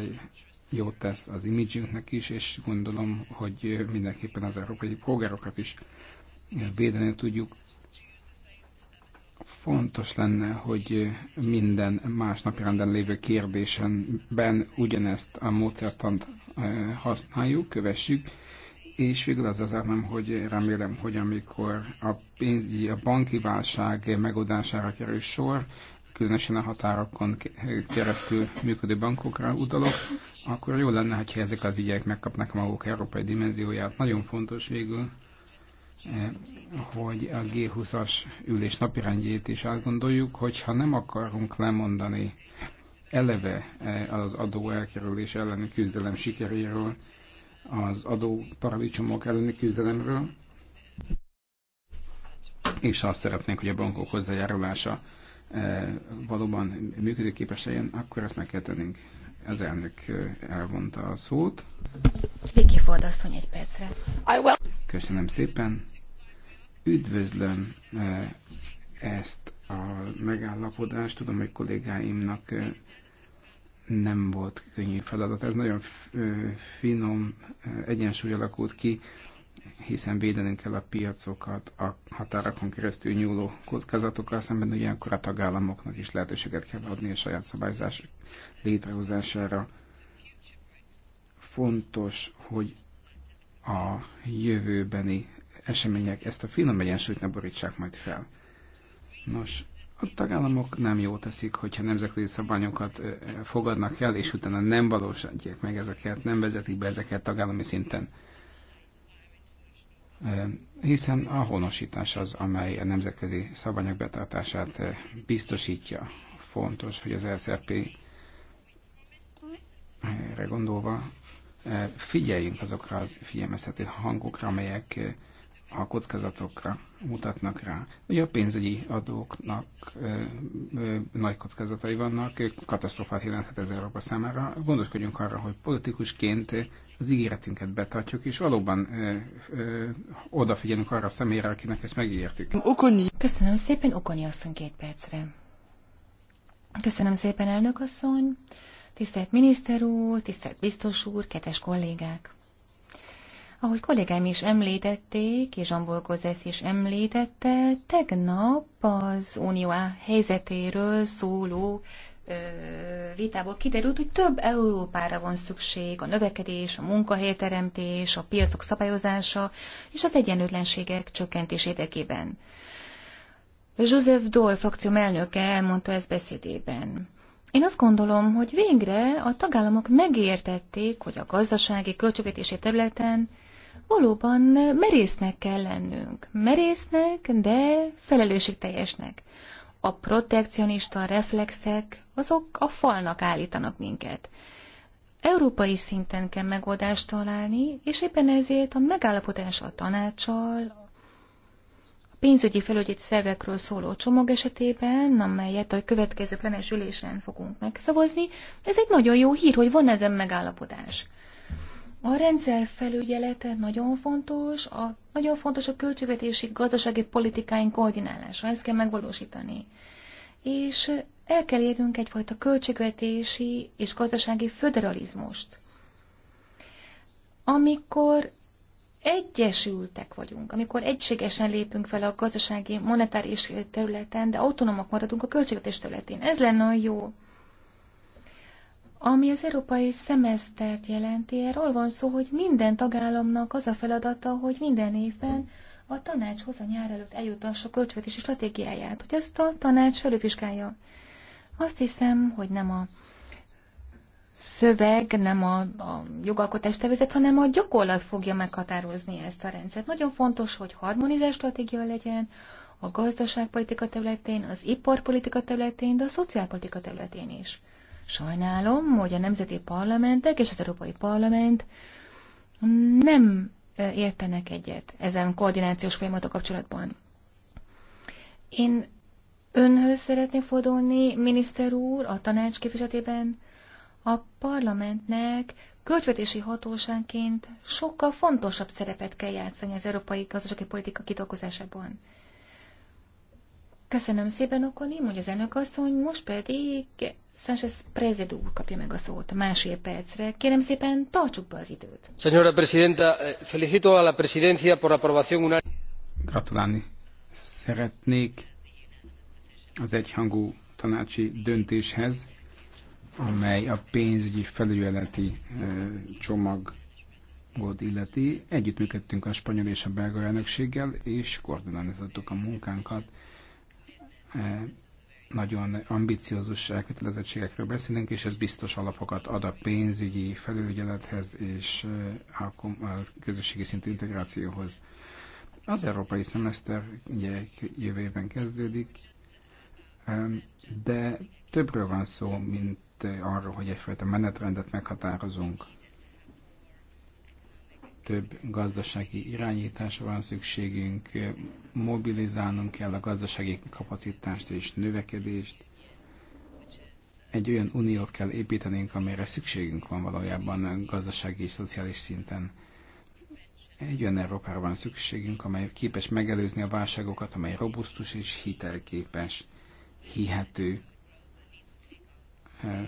jó tesz az imidzsünknek is, és gondolom, hogy mindenképpen az európai polgárokat is védeni tudjuk Fontos lenne, hogy minden más napirenden lévő kérdésenben ugyanezt a módszertant eh, használjuk, kövessük, és végül az az nem, hogy remélem, hogy amikor a pénzügyi, a banki válság megoldására kerül sor, különösen a határokon keresztül működő bankokra utalok, akkor jó lenne, ha ezek az ügyek megkapnak maguk európai dimenzióját. Nagyon fontos végül, hogy a G20-as ülés napirendjét is átgondoljuk, hogyha nem akarunk lemondani eleve e, az adó elkerülés elleni küzdelem sikeréről, az adó paradicsomok elleni küzdelemről, és azt szeretnénk, hogy a bankok hozzájárulása e, valóban működőképes legyen, akkor ezt meg kell tennünk. Az elnök elvonta a szót. Viki Ford asszony egy percre. Köszönöm szépen. Üdvözlöm ezt a megállapodást. Tudom, hogy kollégáimnak nem volt könnyű feladat. Ez nagyon finom egyensúly alakult ki hiszen védenünk kell a piacokat a határokon keresztül nyúló kockázatokkal szemben, ugyanakkor a tagállamoknak is lehetőséget kell adni a saját szabályzás létrehozására. Fontos, hogy a jövőbeni események ezt a finom egyensúlyt ne borítsák majd fel. Nos, a tagállamok nem jó teszik, hogyha nemzetközi szabályokat fogadnak el, és utána nem valósítják meg ezeket, nem vezetik be ezeket tagállami szinten hiszen a honosítás az, amely a nemzetközi szabványok betartását biztosítja. Fontos, hogy az RCP erre gondolva figyeljünk azokra az figyelmeztető hangokra, amelyek a kockázatokra mutatnak rá. Ugye a pénzügyi adóknak ö, ö, nagy kockázatai vannak, katasztrofát jelenthet ez Európa számára. Gondoskodjunk arra, hogy politikusként az ígéretünket betartjuk, és valóban ö, ö, odafigyelünk arra a személyre, akinek ezt megígértük. Köszönöm szépen, Okoni asszony két percre. Köszönöm szépen, elnök asszony, tisztelt miniszter úr, tisztelt biztos úr, kedves kollégák. Ahogy kollégám is említették, és Zsambol Gozesz is említette, tegnap az Unió helyzetéről szóló vitából kiderült, hogy több Európára van szükség, a növekedés, a munkahelyteremtés, a piacok szabályozása és az egyenlőtlenségek csökkentés érdekében. Joseph Dole frakció elnöke elmondta ezt beszédében. Én azt gondolom, hogy végre a tagállamok megértették, hogy a gazdasági költségvetési területen valóban merésznek kell lennünk. Merésznek, de felelősségteljesnek a protekcionista reflexek, azok a falnak állítanak minket. Európai szinten kell megoldást találni, és éppen ezért a megállapodás a tanácsal, a pénzügyi felügyét szervekről szóló csomag esetében, amelyet a következő plenes ülésen fogunk megszavazni, ez egy nagyon jó hír, hogy van ezen megállapodás. A rendszer felügyelete nagyon fontos, a, nagyon fontos a költségvetési gazdasági politikáink koordinálása, ezt kell megvalósítani. És el kell érnünk egyfajta költségvetési és gazdasági föderalizmust. Amikor egyesültek vagyunk, amikor egységesen lépünk fel a gazdasági, monetáris területen, de autonómak maradunk a költségvetés területén, ez lenne a jó. Ami az európai szemesztert jelenti, erről van szó, hogy minden tagállamnak az a feladata, hogy minden évben a tanácshoz a nyár előtt eljutassa a költségvetési stratégiáját, hogy ezt a tanács felülvizsgálja. Azt hiszem, hogy nem a szöveg, nem a, a jogalkotás tervezet, hanem a gyakorlat fogja meghatározni ezt a rendszert. Nagyon fontos, hogy harmonizált stratégia legyen a gazdaságpolitika területén, az iparpolitika területén, de a szociálpolitika területén is. Sajnálom, hogy a nemzeti parlamentek és az Európai Parlament nem értenek egyet ezen koordinációs folyamatok kapcsolatban. Én önhöz szeretnék fordulni, miniszter úr, a tanács képviseletében a parlamentnek költvetési hatóságként sokkal fontosabb szerepet kell játszani az európai gazdasági politika kidolgozásában. Köszönöm szépen, Okoni, mondja az elnök asszony, most pedig Sánchez Prezedú kapja meg a szót másfél percre. Kérem szépen, tartsuk be az időt. Señora Presidenta, eh, felicito a la Presidencia por aprobación una... Gratulálni szeretnék az egyhangú tanácsi döntéshez, amely a pénzügyi felügyeleti eh, csomag dolgot illeti, együttműködtünk a spanyol és a belga elnökséggel, és koordinálni a munkánkat Eh, nagyon ambiciózus elkötelezettségekről beszélünk, és ez biztos alapokat ad a pénzügyi felügyelethez és eh, a közösségi szintű integrációhoz. Az európai szemeszter ugye jövő évben kezdődik, de többről van szó, mint arról, hogy egyfajta menetrendet meghatározunk több gazdasági irányításra van szükségünk, mobilizálnunk kell a gazdasági kapacitást és növekedést. Egy olyan uniót kell építenünk, amelyre szükségünk van valójában gazdasági és szociális szinten. Egy olyan Európára van szükségünk, amely képes megelőzni a válságokat, amely robusztus és hitelképes, hihető,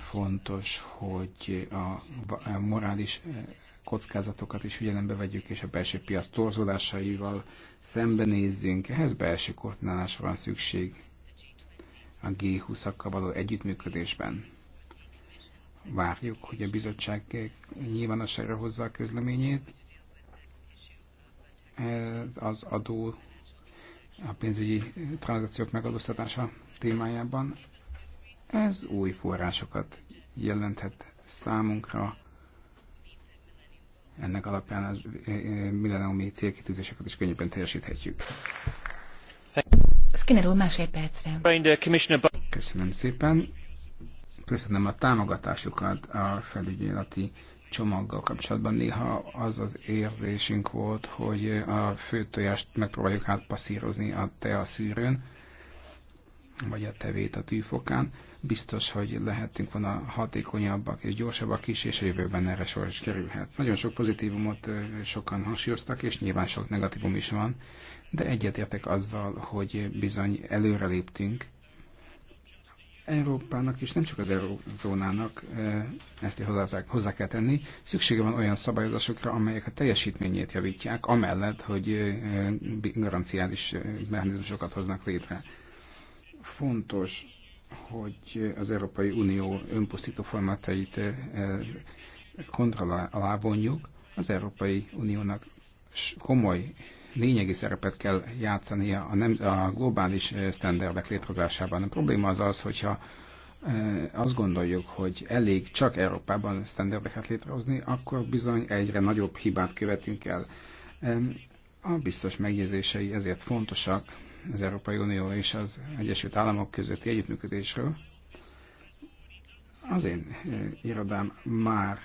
fontos, hogy a morális kockázatokat is figyelembe vegyük, és a belső piac torzulásaival szembenézzünk. Ehhez belső koordinálásra van szükség a G20-akkal való együttműködésben. Várjuk, hogy a bizottság nyilvánosságra hozza a közleményét. Ez az adó a pénzügyi tranzakciók megadóztatása témájában. Ez új forrásokat jelenthet számunkra ennek alapján az eh, eh, millenniumi célkitűzéseket is könnyebben teljesíthetjük. Skinner úr, másfél percre. Köszönöm szépen. Köszönöm a támogatásukat a felügyeleti csomaggal kapcsolatban. Néha az az érzésünk volt, hogy a főtojást megpróbáljuk átpasszírozni a tea szűrőn, vagy a tevét a tűfokán biztos, hogy lehetünk volna hatékonyabbak és gyorsabbak is, és a jövőben erre sor is kerülhet. Nagyon sok pozitívumot sokan hangsúlyoztak, és nyilván sok negatívum is van, de egyetértek azzal, hogy bizony előreléptünk. Európának és nem csak az eurozónának, ezt hozzá, hozzá kell tenni, szüksége van olyan szabályozásokra, amelyek a teljesítményét javítják, amellett, hogy garanciális mechanizmusokat hoznak létre. Fontos hogy az Európai Unió önpusztító folyamatait eh, kontra alá vonjuk, az Európai Uniónak komoly lényegi szerepet kell játszania a, nem, a globális eh, sztenderdek létrehozásában. A probléma az az, hogyha eh, azt gondoljuk, hogy elég csak Európában sztenderdeket létrehozni, akkor bizony egyre nagyobb hibát követünk el. A biztos megjegyzései ezért fontosak, az Európai Unió és az Egyesült Államok közötti együttműködésről. Az én eh, irodám már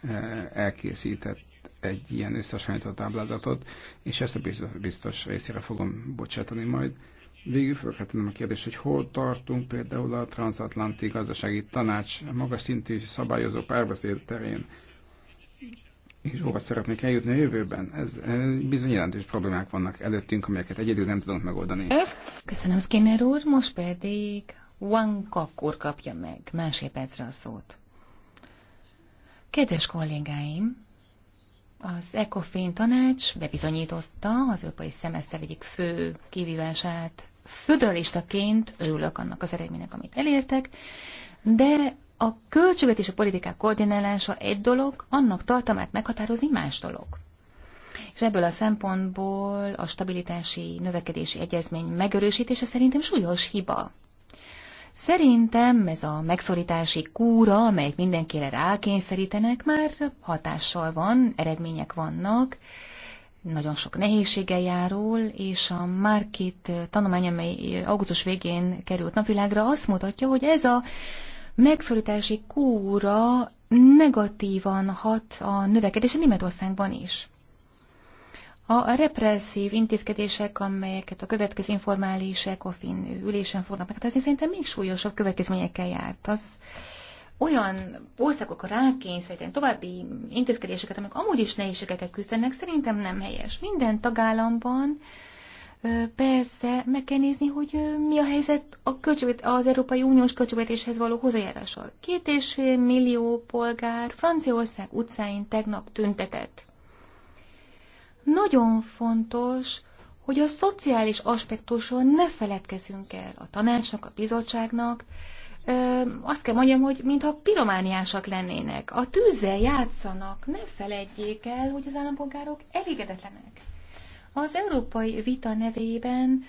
eh, elkészített egy ilyen összehasonlított táblázatot, és ezt a biztos, részére fogom bocsátani majd. Végül feltettem a kérdést, hogy hol tartunk például a transatlanti gazdasági tanács magas szintű szabályozó párbeszéd terén és hova szeretnék eljutni a jövőben. Ez, ez bizony jelentős problémák vannak előttünk, amelyeket egyedül nem tudunk megoldani. Köszönöm, Skinner úr, most pedig Wang Kok úr kapja meg percre a szót. Kedves kollégáim, az ECOFIN tanács bebizonyította az európai szemeszter egyik fő kivívását. Föderalistaként örülök annak az eredménynek, amit elértek, de a költségvetés a politikák koordinálása egy dolog, annak tartalmát meghatározni más dolog. És ebből a szempontból a stabilitási növekedési egyezmény megerősítése szerintem súlyos hiba. Szerintem ez a megszorítási kúra, amelyet mindenkire rákényszerítenek, már hatással van, eredmények vannak, nagyon sok nehézséggel járul, és a Markit tanulmány, amely augusztus végén került napvilágra, azt mutatja, hogy ez a megszorítási kúra negatívan hat a növekedésre Németországban is. A represszív intézkedések, amelyeket a következő informális ECOFIN ülésen fognak azért szerintem még súlyosabb következményekkel járt. Az olyan országok rákényszerítenek további intézkedéseket, amik amúgy is nehézségekkel küzdenek, szerintem nem helyes. Minden tagállamban Persze, meg kell nézni, hogy mi a helyzet a kölcsövet, az Európai Uniós költségvetéshez való hozzájárással. Két és fél millió polgár Franciaország utcáin tegnap tüntetett. Nagyon fontos, hogy a szociális aspektusról ne feledkezünk el a tanácsnak, a bizottságnak. Ö, azt kell mondjam, hogy mintha piromániásak lennének. A tűzzel játszanak, ne feledjék el, hogy az állampolgárok elégedetlenek. Az európai vita nevében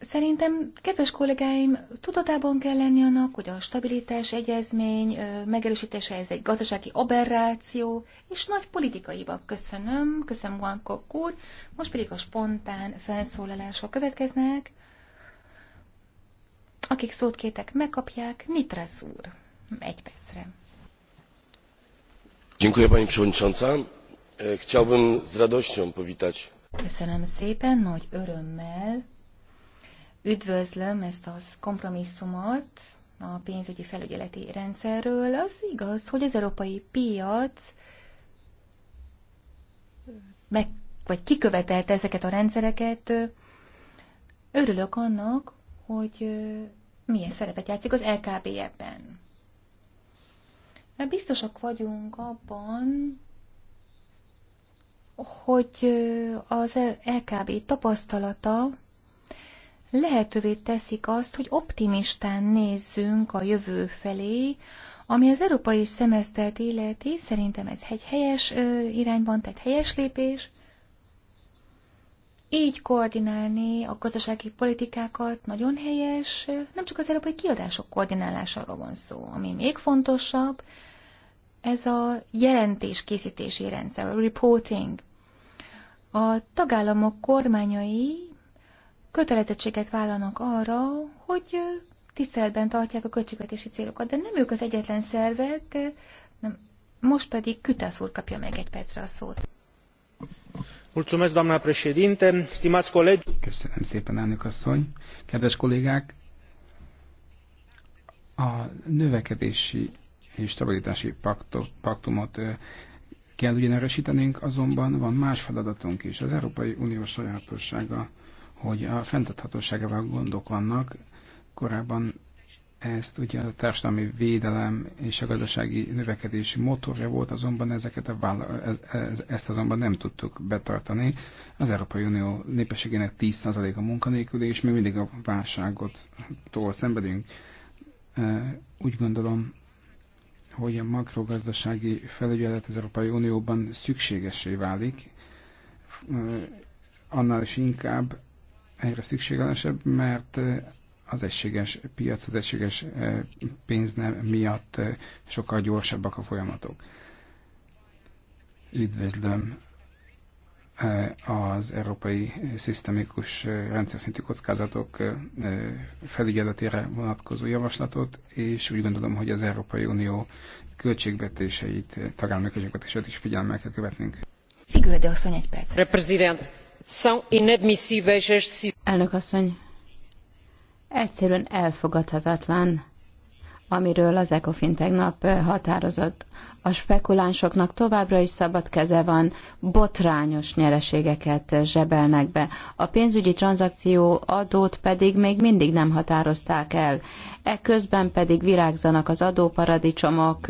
Szerintem, kedves kollégáim, tudatában kell lenni annak, hogy a stabilitás egyezmény megerősítése ez egy gazdasági aberráció, és nagy politikaiba Köszönöm, köszönöm Juan Kok úr. Most pedig a spontán felszólalások következnek. Akik szót kétek, megkapják. Nitrasz úr. Egy percre. Dziękuję Pani Przewodnicząca. E, chciałbym z radością powitać. Köszönöm szépen, nagy örömmel üdvözlöm ezt a kompromisszumot a pénzügyi felügyeleti rendszerről. Az igaz, hogy az európai piac meg, vagy kikövetelte ezeket a rendszereket. Örülök annak, hogy milyen szerepet játszik az LKB ebben. Mert biztosak vagyunk abban, hogy az LKB tapasztalata lehetővé teszik azt, hogy optimistán nézzünk a jövő felé, ami az európai szemesztelt életi, szerintem ez egy helyes irányban, tehát helyes lépés. Így koordinálni a gazdasági politikákat nagyon helyes, nem csak az európai kiadások koordinálásáról van szó, ami még fontosabb, ez a jelentés készítési rendszer, a reporting. A tagállamok kormányai kötelezettséget vállalnak arra, hogy tiszteletben tartják a költségvetési célokat, de nem ők az egyetlen szervek, nem. most pedig Kütász úr kapja meg egy percre a szót. Mulțumesc, doamna președinte, stimați colegi. Köszönöm szépen, elnök asszony. Kedves kollégák, a növekedési és stabilitási paktot, paktumot kell ugyanerősítenünk, azonban van más feladatunk is. Az Európai Unió sajátossága, hogy a fenntarthatóságával gondok vannak, korábban ezt ugye a társadalmi védelem és a gazdasági növekedés motorja volt, azonban ezeket a vála- ez, ez, ezt azonban nem tudtuk betartani. Az Európai Unió népességének 10% a munkanélkül, és mi mindig a válságot tól szenvedünk. Úgy gondolom, hogy a makrogazdasági felügyelet az Európai Unióban szükségesé válik, eh, annál is inkább egyre szükségesebb, mert eh, az egységes piac, az egységes eh, pénznem miatt sokkal gyorsabbak a folyamatok. Üdvözlöm Eh, az európai szisztemikus eh, szintű kockázatok eh, felügyeletére vonatkozó javaslatot, és úgy gondolom, hogy az Európai Unió költségvetéseit, tagállami költségvetéseit is figyelemmel kell követnünk. Figyelde asszony egy perc. Elnök asszony, egyszerűen elfogadhatatlan, amiről az ECOFIN tegnap határozott a spekulánsoknak továbbra is szabad keze van, botrányos nyereségeket zsebelnek be. A pénzügyi tranzakció adót pedig még mindig nem határozták el. Ekközben pedig virágzanak az adóparadicsomok,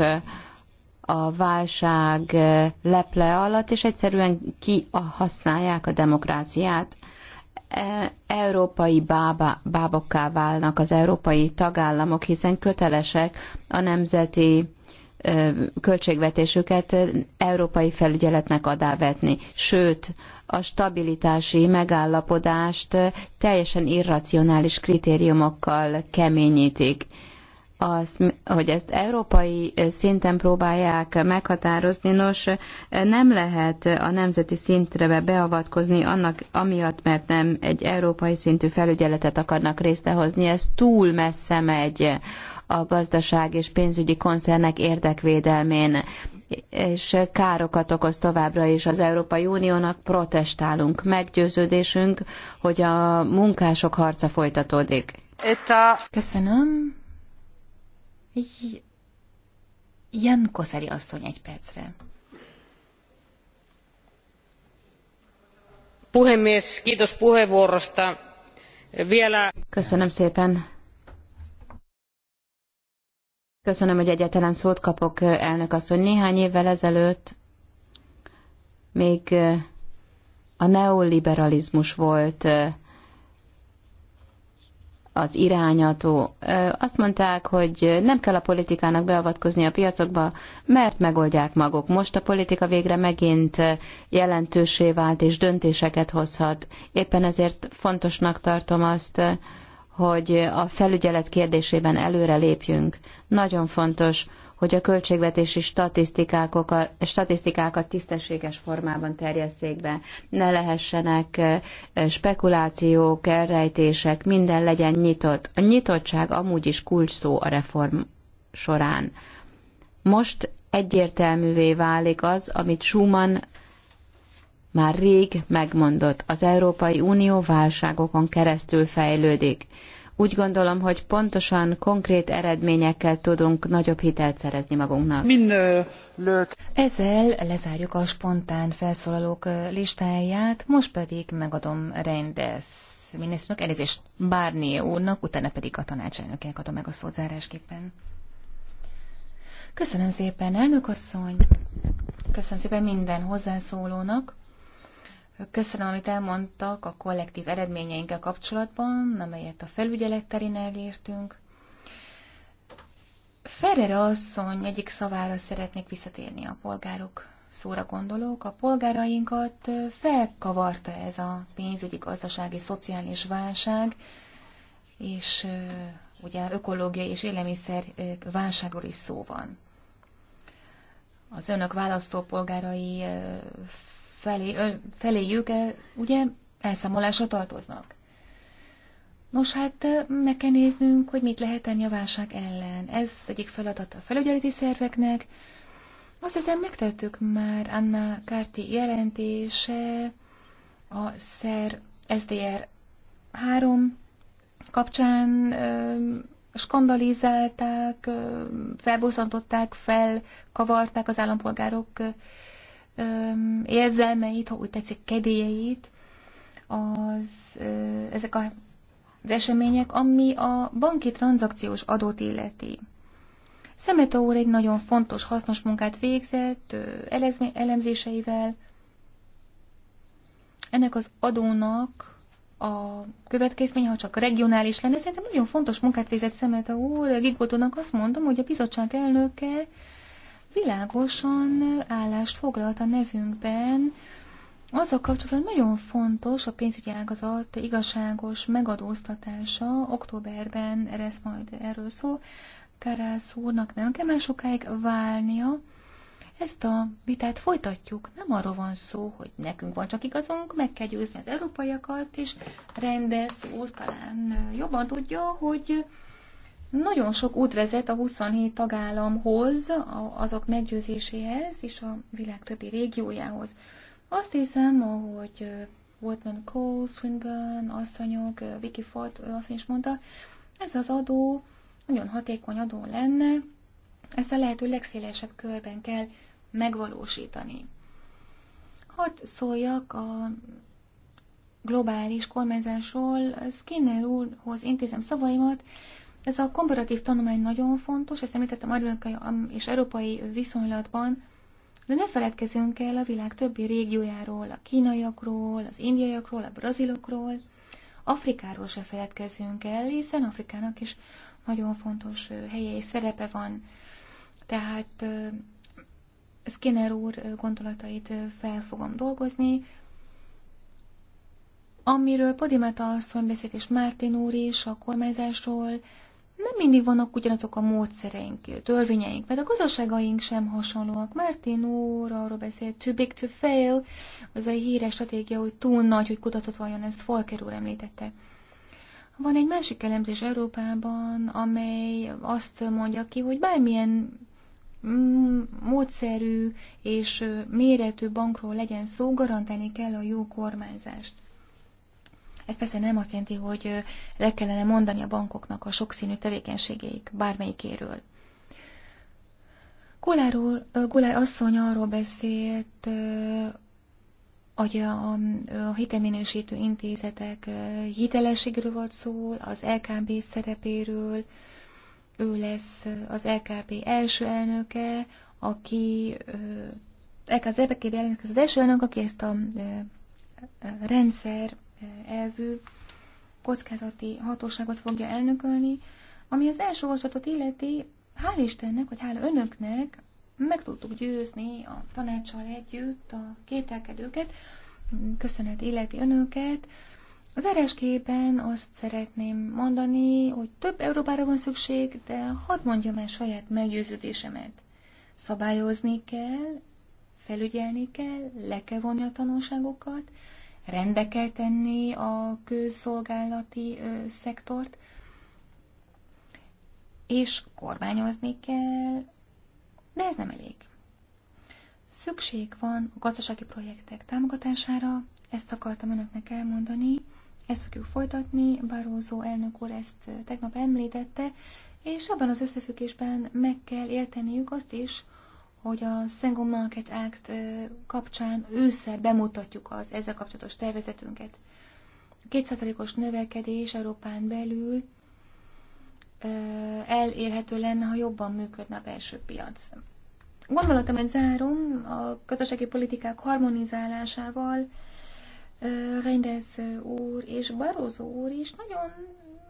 a válság leple alatt, és egyszerűen ki a használják a demokráciát. E- európai bába, bábokká válnak az európai tagállamok, hiszen kötelesek a nemzeti költségvetésüket európai felügyeletnek adávetni. Sőt, a stabilitási megállapodást teljesen irracionális kritériumokkal keményítik. Az, hogy ezt európai szinten próbálják meghatározni, nos, nem lehet a nemzeti szintre beavatkozni annak, amiatt, mert nem egy európai szintű felügyeletet akarnak részlehozni, ez túl messze megy a gazdaság és pénzügyi koncernek érdekvédelmén és károkat okoz továbbra is az Európai Uniónak, protestálunk. Meggyőződésünk, hogy a munkások harca folytatódik. Eta... Köszönöm. Jan Koszeri asszony egy percre. Puhemies, kiitos puheenvuorosta. Vielä... Köszönöm szépen, Köszönöm, hogy egyetlen szót kapok, elnök asszony. Néhány évvel ezelőtt még a neoliberalizmus volt az irányató. Azt mondták, hogy nem kell a politikának beavatkozni a piacokba, mert megoldják maguk. Most a politika végre megint jelentősé vált és döntéseket hozhat. Éppen ezért fontosnak tartom azt, hogy a felügyelet kérdésében előre lépjünk. Nagyon fontos, hogy a költségvetési statisztikákat, statisztikákat tisztességes formában terjesszék be. Ne lehessenek spekulációk, elrejtések, minden legyen nyitott. A nyitottság amúgy is kulcs szó a reform során. Most egyértelművé válik az, amit Schumann már rég megmondott, az Európai Unió válságokon keresztül fejlődik. Úgy gondolom, hogy pontosan, konkrét eredményekkel tudunk nagyobb hitelt szerezni magunknak. Minőlök. Ezzel lezárjuk a spontán felszólalók listáját, most pedig megadom rendes miniszternek, elnézést Bárné úrnak, utána pedig a tanácselnökének adom meg a szót zárásképpen. Köszönöm szépen, elnök asszony! Köszönöm szépen minden hozzászólónak! Köszönöm, amit elmondtak a kollektív eredményeinkkel kapcsolatban, amelyet a felügyelet terén elértünk. Ferrer asszony egyik szavára szeretnék visszatérni a polgárok szóra gondolok. A polgárainkat felkavarta ez a pénzügyi, gazdasági, szociális válság, és ugye ökológiai és élelmiszer válságról is szó van. Az önök választópolgárai felé, feléjük el, ugye elszámolásra tartoznak. Nos, hát meg kell néznünk, hogy mit lehet tenni a válság ellen. Ez egyik feladat a felügyeleti szerveknek. Azt hiszem, megtettük már Anna Kárti jelentése a szer SDR 3 kapcsán skandalizálták, felbosszantották, felkavarták az állampolgárok érzelmeit, ha úgy tetszik, kedélyeit, az, ezek a, az események, ami a banki tranzakciós adót illeti. Szemete úr egy nagyon fontos, hasznos munkát végzett elemzéseivel. Ennek az adónak a következménye, ha csak regionális lenne, szerintem nagyon fontos munkát végzett Szemete úr. Gigoltónak azt mondom, hogy a bizottság elnöke világosan állást foglalt a nevünkben, azzal kapcsolatban nagyon fontos a pénzügyi ágazat igazságos megadóztatása. Októberben lesz majd erről szó. Karász úrnak nem kell már sokáig válnia. Ezt a vitát folytatjuk. Nem arról van szó, hogy nekünk van csak igazunk, meg kell győzni az európaiakat, és Rendez úr talán jobban tudja, hogy nagyon sok út vezet a 27 tagállamhoz, azok meggyőzéséhez és a világ többi régiójához. Azt hiszem, ahogy Whitman Cole, Swinburne, asszonyok, Vicky Ford asszony is mondta, ez az adó nagyon hatékony adó lenne, ezt a lehető legszélesebb körben kell megvalósítani. Hadd szóljak a globális kormányzásról, Skinner úrhoz intézem szavaimat, ez a komparatív tanulmány nagyon fontos, ezt említettem amerikai és európai viszonylatban, de ne feledkezünk el a világ többi régiójáról, a kínaiakról, az indiaiakról, a brazilokról, Afrikáról se feledkezünk el, hiszen Afrikának is nagyon fontos helye és szerepe van. Tehát Skinner úr gondolatait fel fogom dolgozni, amiről Podimata asszony beszélt, és Mártin úr is a kormányzásról, nem mindig vannak ugyanazok a módszereink, törvényeink, mert a gazdaságaink sem hasonlóak. Martin úr arról beszélt, too big to fail, az a híres stratégia, hogy túl nagy, hogy kutatott vajon, ez Falker úr említette. Van egy másik elemzés Európában, amely azt mondja ki, hogy bármilyen mm, módszerű és méretű bankról legyen szó, garantálni kell a jó kormányzást. Ez persze nem azt jelenti, hogy le kellene mondani a bankoknak a sokszínű tevékenységeik bármelyikéről. Gulár, úr, asszony arról beszélt, hogy a, a hitelminősítő intézetek hitelességről volt szó, az LKB szerepéről, ő lesz az LKB első elnöke, aki az LKB elnök az első elnök, aki ezt a rendszer elvű kockázati hatóságot fogja elnökölni, ami az első olvasatot illeti, hál' Istennek, vagy hál' önöknek, meg tudtuk győzni a tanácssal együtt a kételkedőket, köszönet illeti önöket. Az rsk azt szeretném mondani, hogy több Európára van szükség, de hadd mondjam el saját meggyőződésemet. Szabályozni kell, felügyelni kell, le kell vonni a tanulságokat, rendbe kell tenni a közszolgálati szektort, és kormányozni kell, de ez nem elég. Szükség van a gazdasági projektek támogatására, ezt akartam önöknek elmondani, ezt fogjuk folytatni, Barózó elnök úr ezt tegnap említette, és abban az összefüggésben meg kell érteniük azt is, hogy a Single Market Act kapcsán ősszel bemutatjuk az ezzel kapcsolatos tervezetünket. 2%-os növekedés Európán belül elérhető lenne, ha jobban működne a belső piac. Gondolatom hogy zárom a közösségi politikák harmonizálásával. Reindez úr és barózó úr is nagyon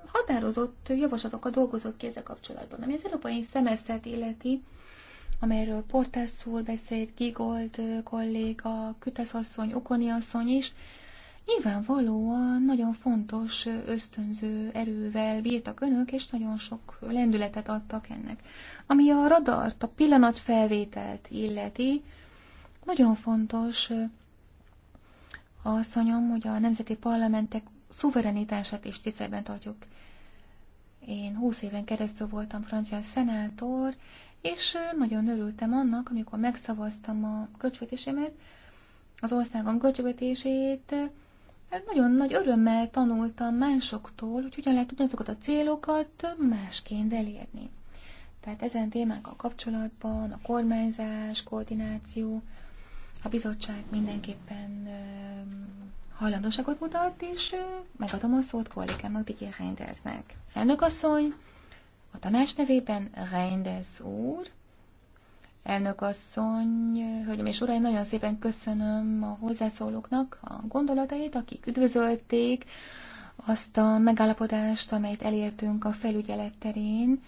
határozott javaslatokat dolgozott ki ezzel kapcsolatban. Ami az európai szemeszet illeti, amelyről Portes úr beszélt, Gigold kolléga, Kütesz asszony, Okoni asszony is, nyilvánvalóan nagyon fontos ösztönző erővel bírtak önök, és nagyon sok lendületet adtak ennek. Ami a radart, a pillanatfelvételt illeti, nagyon fontos a szanyom, hogy a nemzeti parlamentek szuverenitását is tiszteletben tartjuk. Én húsz éven keresztül voltam francia szenátor, és nagyon örültem annak, amikor megszavaztam a költségvetésemet, az országom költségvetését, hát nagyon nagy örömmel tanultam másoktól, hogy hogyan lehet ugyanazokat a célokat másként elérni. Tehát ezen témákkal kapcsolatban a kormányzás, koordináció, a bizottság mindenképpen hajlandóságot mutat, és megadom a szót kollégámnak, Digi Heindelznek. Elnök asszony, a tanács nevében Reindes úr, elnök asszony, hölgyeim és uraim, nagyon szépen köszönöm a hozzászólóknak a gondolatait, akik üdvözölték azt a megállapodást, amelyet elértünk a felügyelet terén.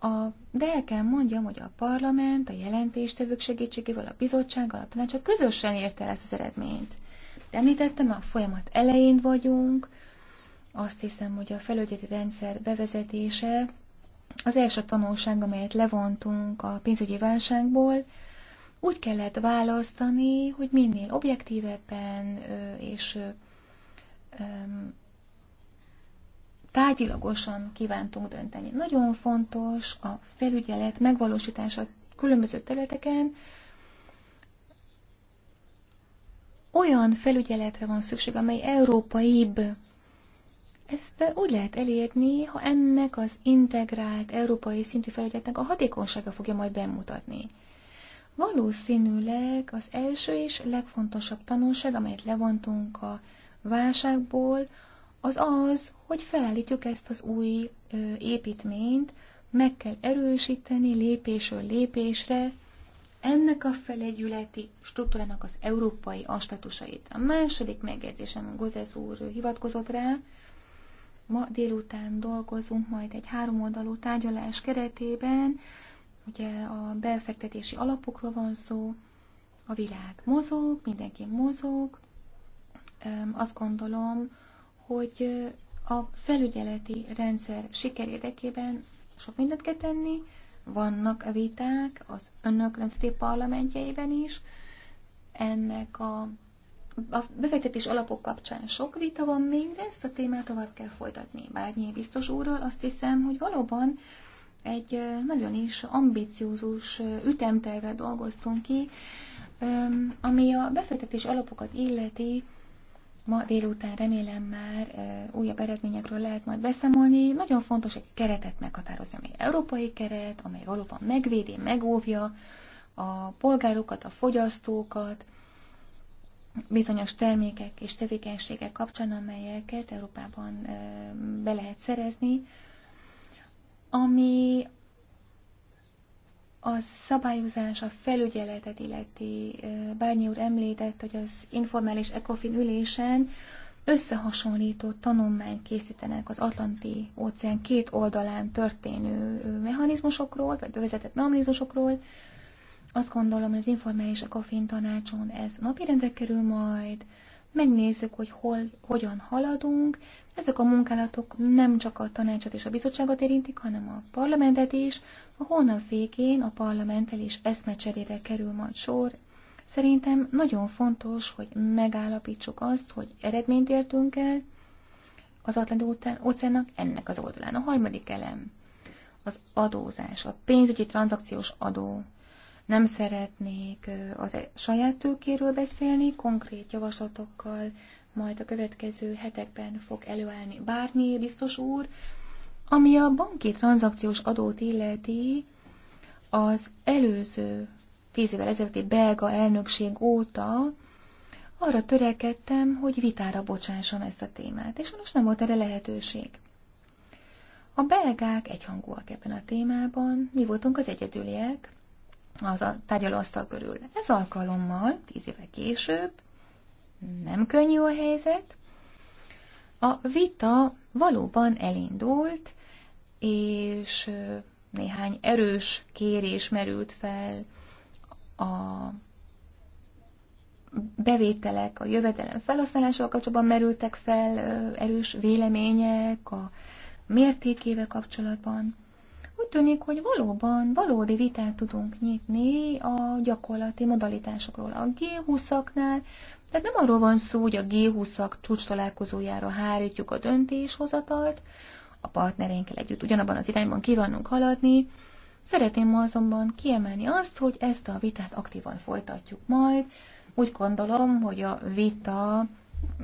A, de el kell mondjam, hogy a parlament, a jelentéstevők segítségével, a bizottsággal, a tanácsot közösen érte el ezt az eredményt. De említettem, a folyamat elején vagyunk, azt hiszem, hogy a felügyeleti rendszer bevezetése az első tanulság, amelyet levontunk a pénzügyi válságból, úgy kellett választani, hogy minél objektívebben és tárgyilagosan kívántunk dönteni. Nagyon fontos a felügyelet megvalósítása különböző területeken. Olyan felügyeletre van szükség, amely európaibb ezt úgy lehet elérni, ha ennek az integrált európai szintű felügyeletnek a hatékonysága fogja majd bemutatni. Valószínűleg az első és legfontosabb tanulság, amelyet levontunk a válságból, az az, hogy felállítjuk ezt az új ö, építményt, meg kell erősíteni lépésről lépésre ennek a felegyületi struktúrának az európai aspektusait. A második megjegyzésem, Gozesz úr hivatkozott rá, Ma délután dolgozunk majd egy háromoldalú tárgyalás keretében, ugye a befektetési alapokról van szó, a világ mozog, mindenki mozog. Azt gondolom, hogy a felügyeleti rendszer siker érdekében sok mindent kell tenni, vannak viták az önök rendszeri parlamentjeiben is, ennek a a befektetés alapok kapcsán sok vita van még, de ezt a témát tovább kell folytatni. Bárnyi biztos úrral azt hiszem, hogy valóban egy nagyon is ambiciózus ütemtervet dolgoztunk ki, ami a befektetés alapokat illeti, ma délután remélem már újabb eredményekről lehet majd beszámolni. Nagyon fontos egy keretet meghatározni, ami európai keret, amely valóban megvédi, megóvja a polgárokat, a fogyasztókat, bizonyos termékek és tevékenységek kapcsán, amelyeket Európában be lehet szerezni, ami a szabályozás, a felügyeletet illeti. Bányi úr említett, hogy az informális ECOFIN ülésen összehasonlító tanulmányt készítenek az Atlanti óceán két oldalán történő mechanizmusokról, vagy bevezetett mechanizmusokról, azt gondolom, hogy az informális koffein tanácson ez napirendre kerül majd, megnézzük, hogy hol, hogyan haladunk. Ezek a munkálatok nem csak a tanácsot és a bizottságot érintik, hanem a parlamentet is. A hónap végén a parlamenttel is eszmecserére kerül majd sor. Szerintem nagyon fontos, hogy megállapítsuk azt, hogy eredményt értünk el az Atlanti óceánnak ennek az oldalán. A harmadik elem az adózás, a pénzügyi tranzakciós adó. Nem szeretnék az e- saját tőkéről beszélni, konkrét javaslatokkal majd a következő hetekben fog előállni Bárnyi biztos úr, ami a banki tranzakciós adót illeti, az előző tíz évvel ezelőtti belga elnökség óta arra törekedtem, hogy vitára bocsássam ezt a témát, és most nem volt erre lehetőség. A belgák egyhangúak ebben a témában, mi voltunk az egyedüliek, az a tárgyalóasztal körül. Ez alkalommal, tíz éve később, nem könnyű a helyzet, a vita valóban elindult, és néhány erős kérés merült fel a bevételek, a jövedelem felhasználásával kapcsolatban merültek fel erős vélemények a mértékével kapcsolatban. Úgy tűnik, hogy valóban valódi vitát tudunk nyitni a gyakorlati modalitásokról a G20-aknál, tehát nem arról van szó, hogy a G20-ak csúcs találkozójára hárítjuk a döntéshozatalt, a partnerénkkel együtt ugyanabban az irányban kívánunk haladni. Szeretném ma azonban kiemelni azt, hogy ezt a vitát aktívan folytatjuk majd. Úgy gondolom, hogy a vita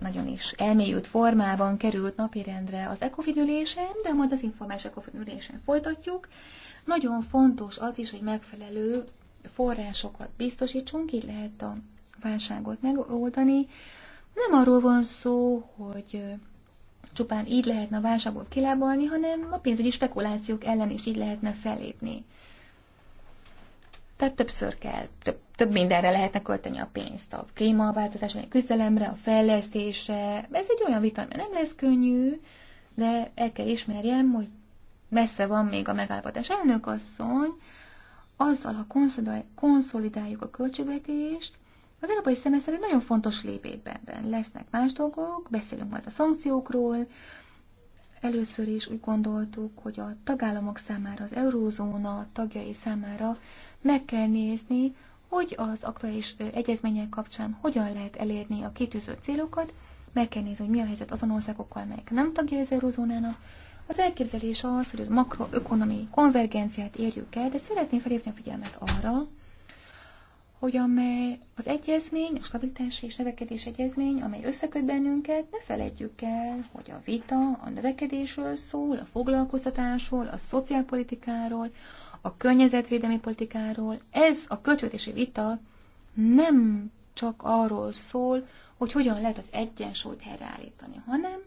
nagyon is elmélyült formában került napirendre az ekofinülésen, de majd az informális ECOFIN folytatjuk. Nagyon fontos az is, hogy megfelelő forrásokat biztosítsunk, így lehet a válságot megoldani. Nem arról van szó, hogy csupán így lehetne a válságot kilábalni, hanem a pénzügyi spekulációk ellen is így lehetne felépni. Tehát többször kell, több több mindenre lehetne költeni a pénzt, a klímaváltozás, a küzdelemre, a fejlesztésre. Ez egy olyan vita, mert nem lesz könnyű, de el kell ismerjem, hogy messze van még a megállapodás. Elnök asszony, azzal, ha konszolidáljuk a költségvetést, az európai szemeszter egy nagyon fontos lépében lesznek más dolgok, beszélünk majd a szankciókról, először is úgy gondoltuk, hogy a tagállamok számára, az eurózóna tagjai számára meg kell nézni, hogy az aktuális egyezmények kapcsán hogyan lehet elérni a kitűzött célokat, meg kell nézni, hogy mi a helyzet azon országokkal, melyek nem tagja az eurozónának. Az elképzelés az, hogy a makroökonomi konvergenciát érjük el, de szeretném felhívni a figyelmet arra, hogy amely az egyezmény, a stabilitási és növekedés egyezmény, amely összeköt bennünket, ne feledjük el, hogy a vita a növekedésről szól, a foglalkoztatásról, a szociálpolitikáról, a környezetvédelmi politikáról. Ez a költségvetési vita nem csak arról szól, hogy hogyan lehet az egyensúlyt helyreállítani, hanem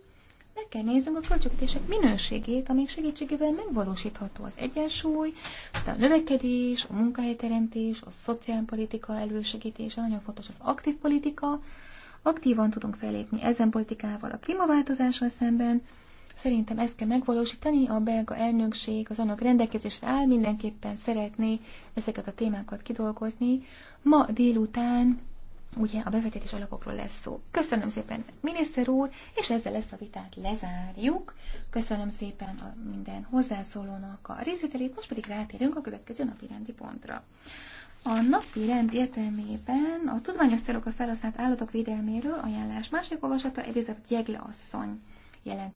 meg kell néznünk a költségvetések minőségét, amik segítségével megvalósítható az egyensúly, a növekedés, a munkahelyteremtés, a szociálpolitika elősegítése, nagyon fontos az aktív politika, aktívan tudunk felépni ezen politikával a klímaváltozással szemben, Szerintem ezt kell megvalósítani, a belga elnökség az annak rendelkezésre áll, mindenképpen szeretné ezeket a témákat kidolgozni. Ma délután ugye a befektetés alapokról lesz szó. Köszönöm szépen, miniszter úr, és ezzel lesz a vitát lezárjuk. Köszönöm szépen a minden hozzászólónak a részvételét, most pedig rátérünk a következő napi rendi pontra. A napi rend értelmében a tudományos szerokra felhasznált állatok védelméről ajánlás második olvasata Elizabeth Jegle asszony jelent.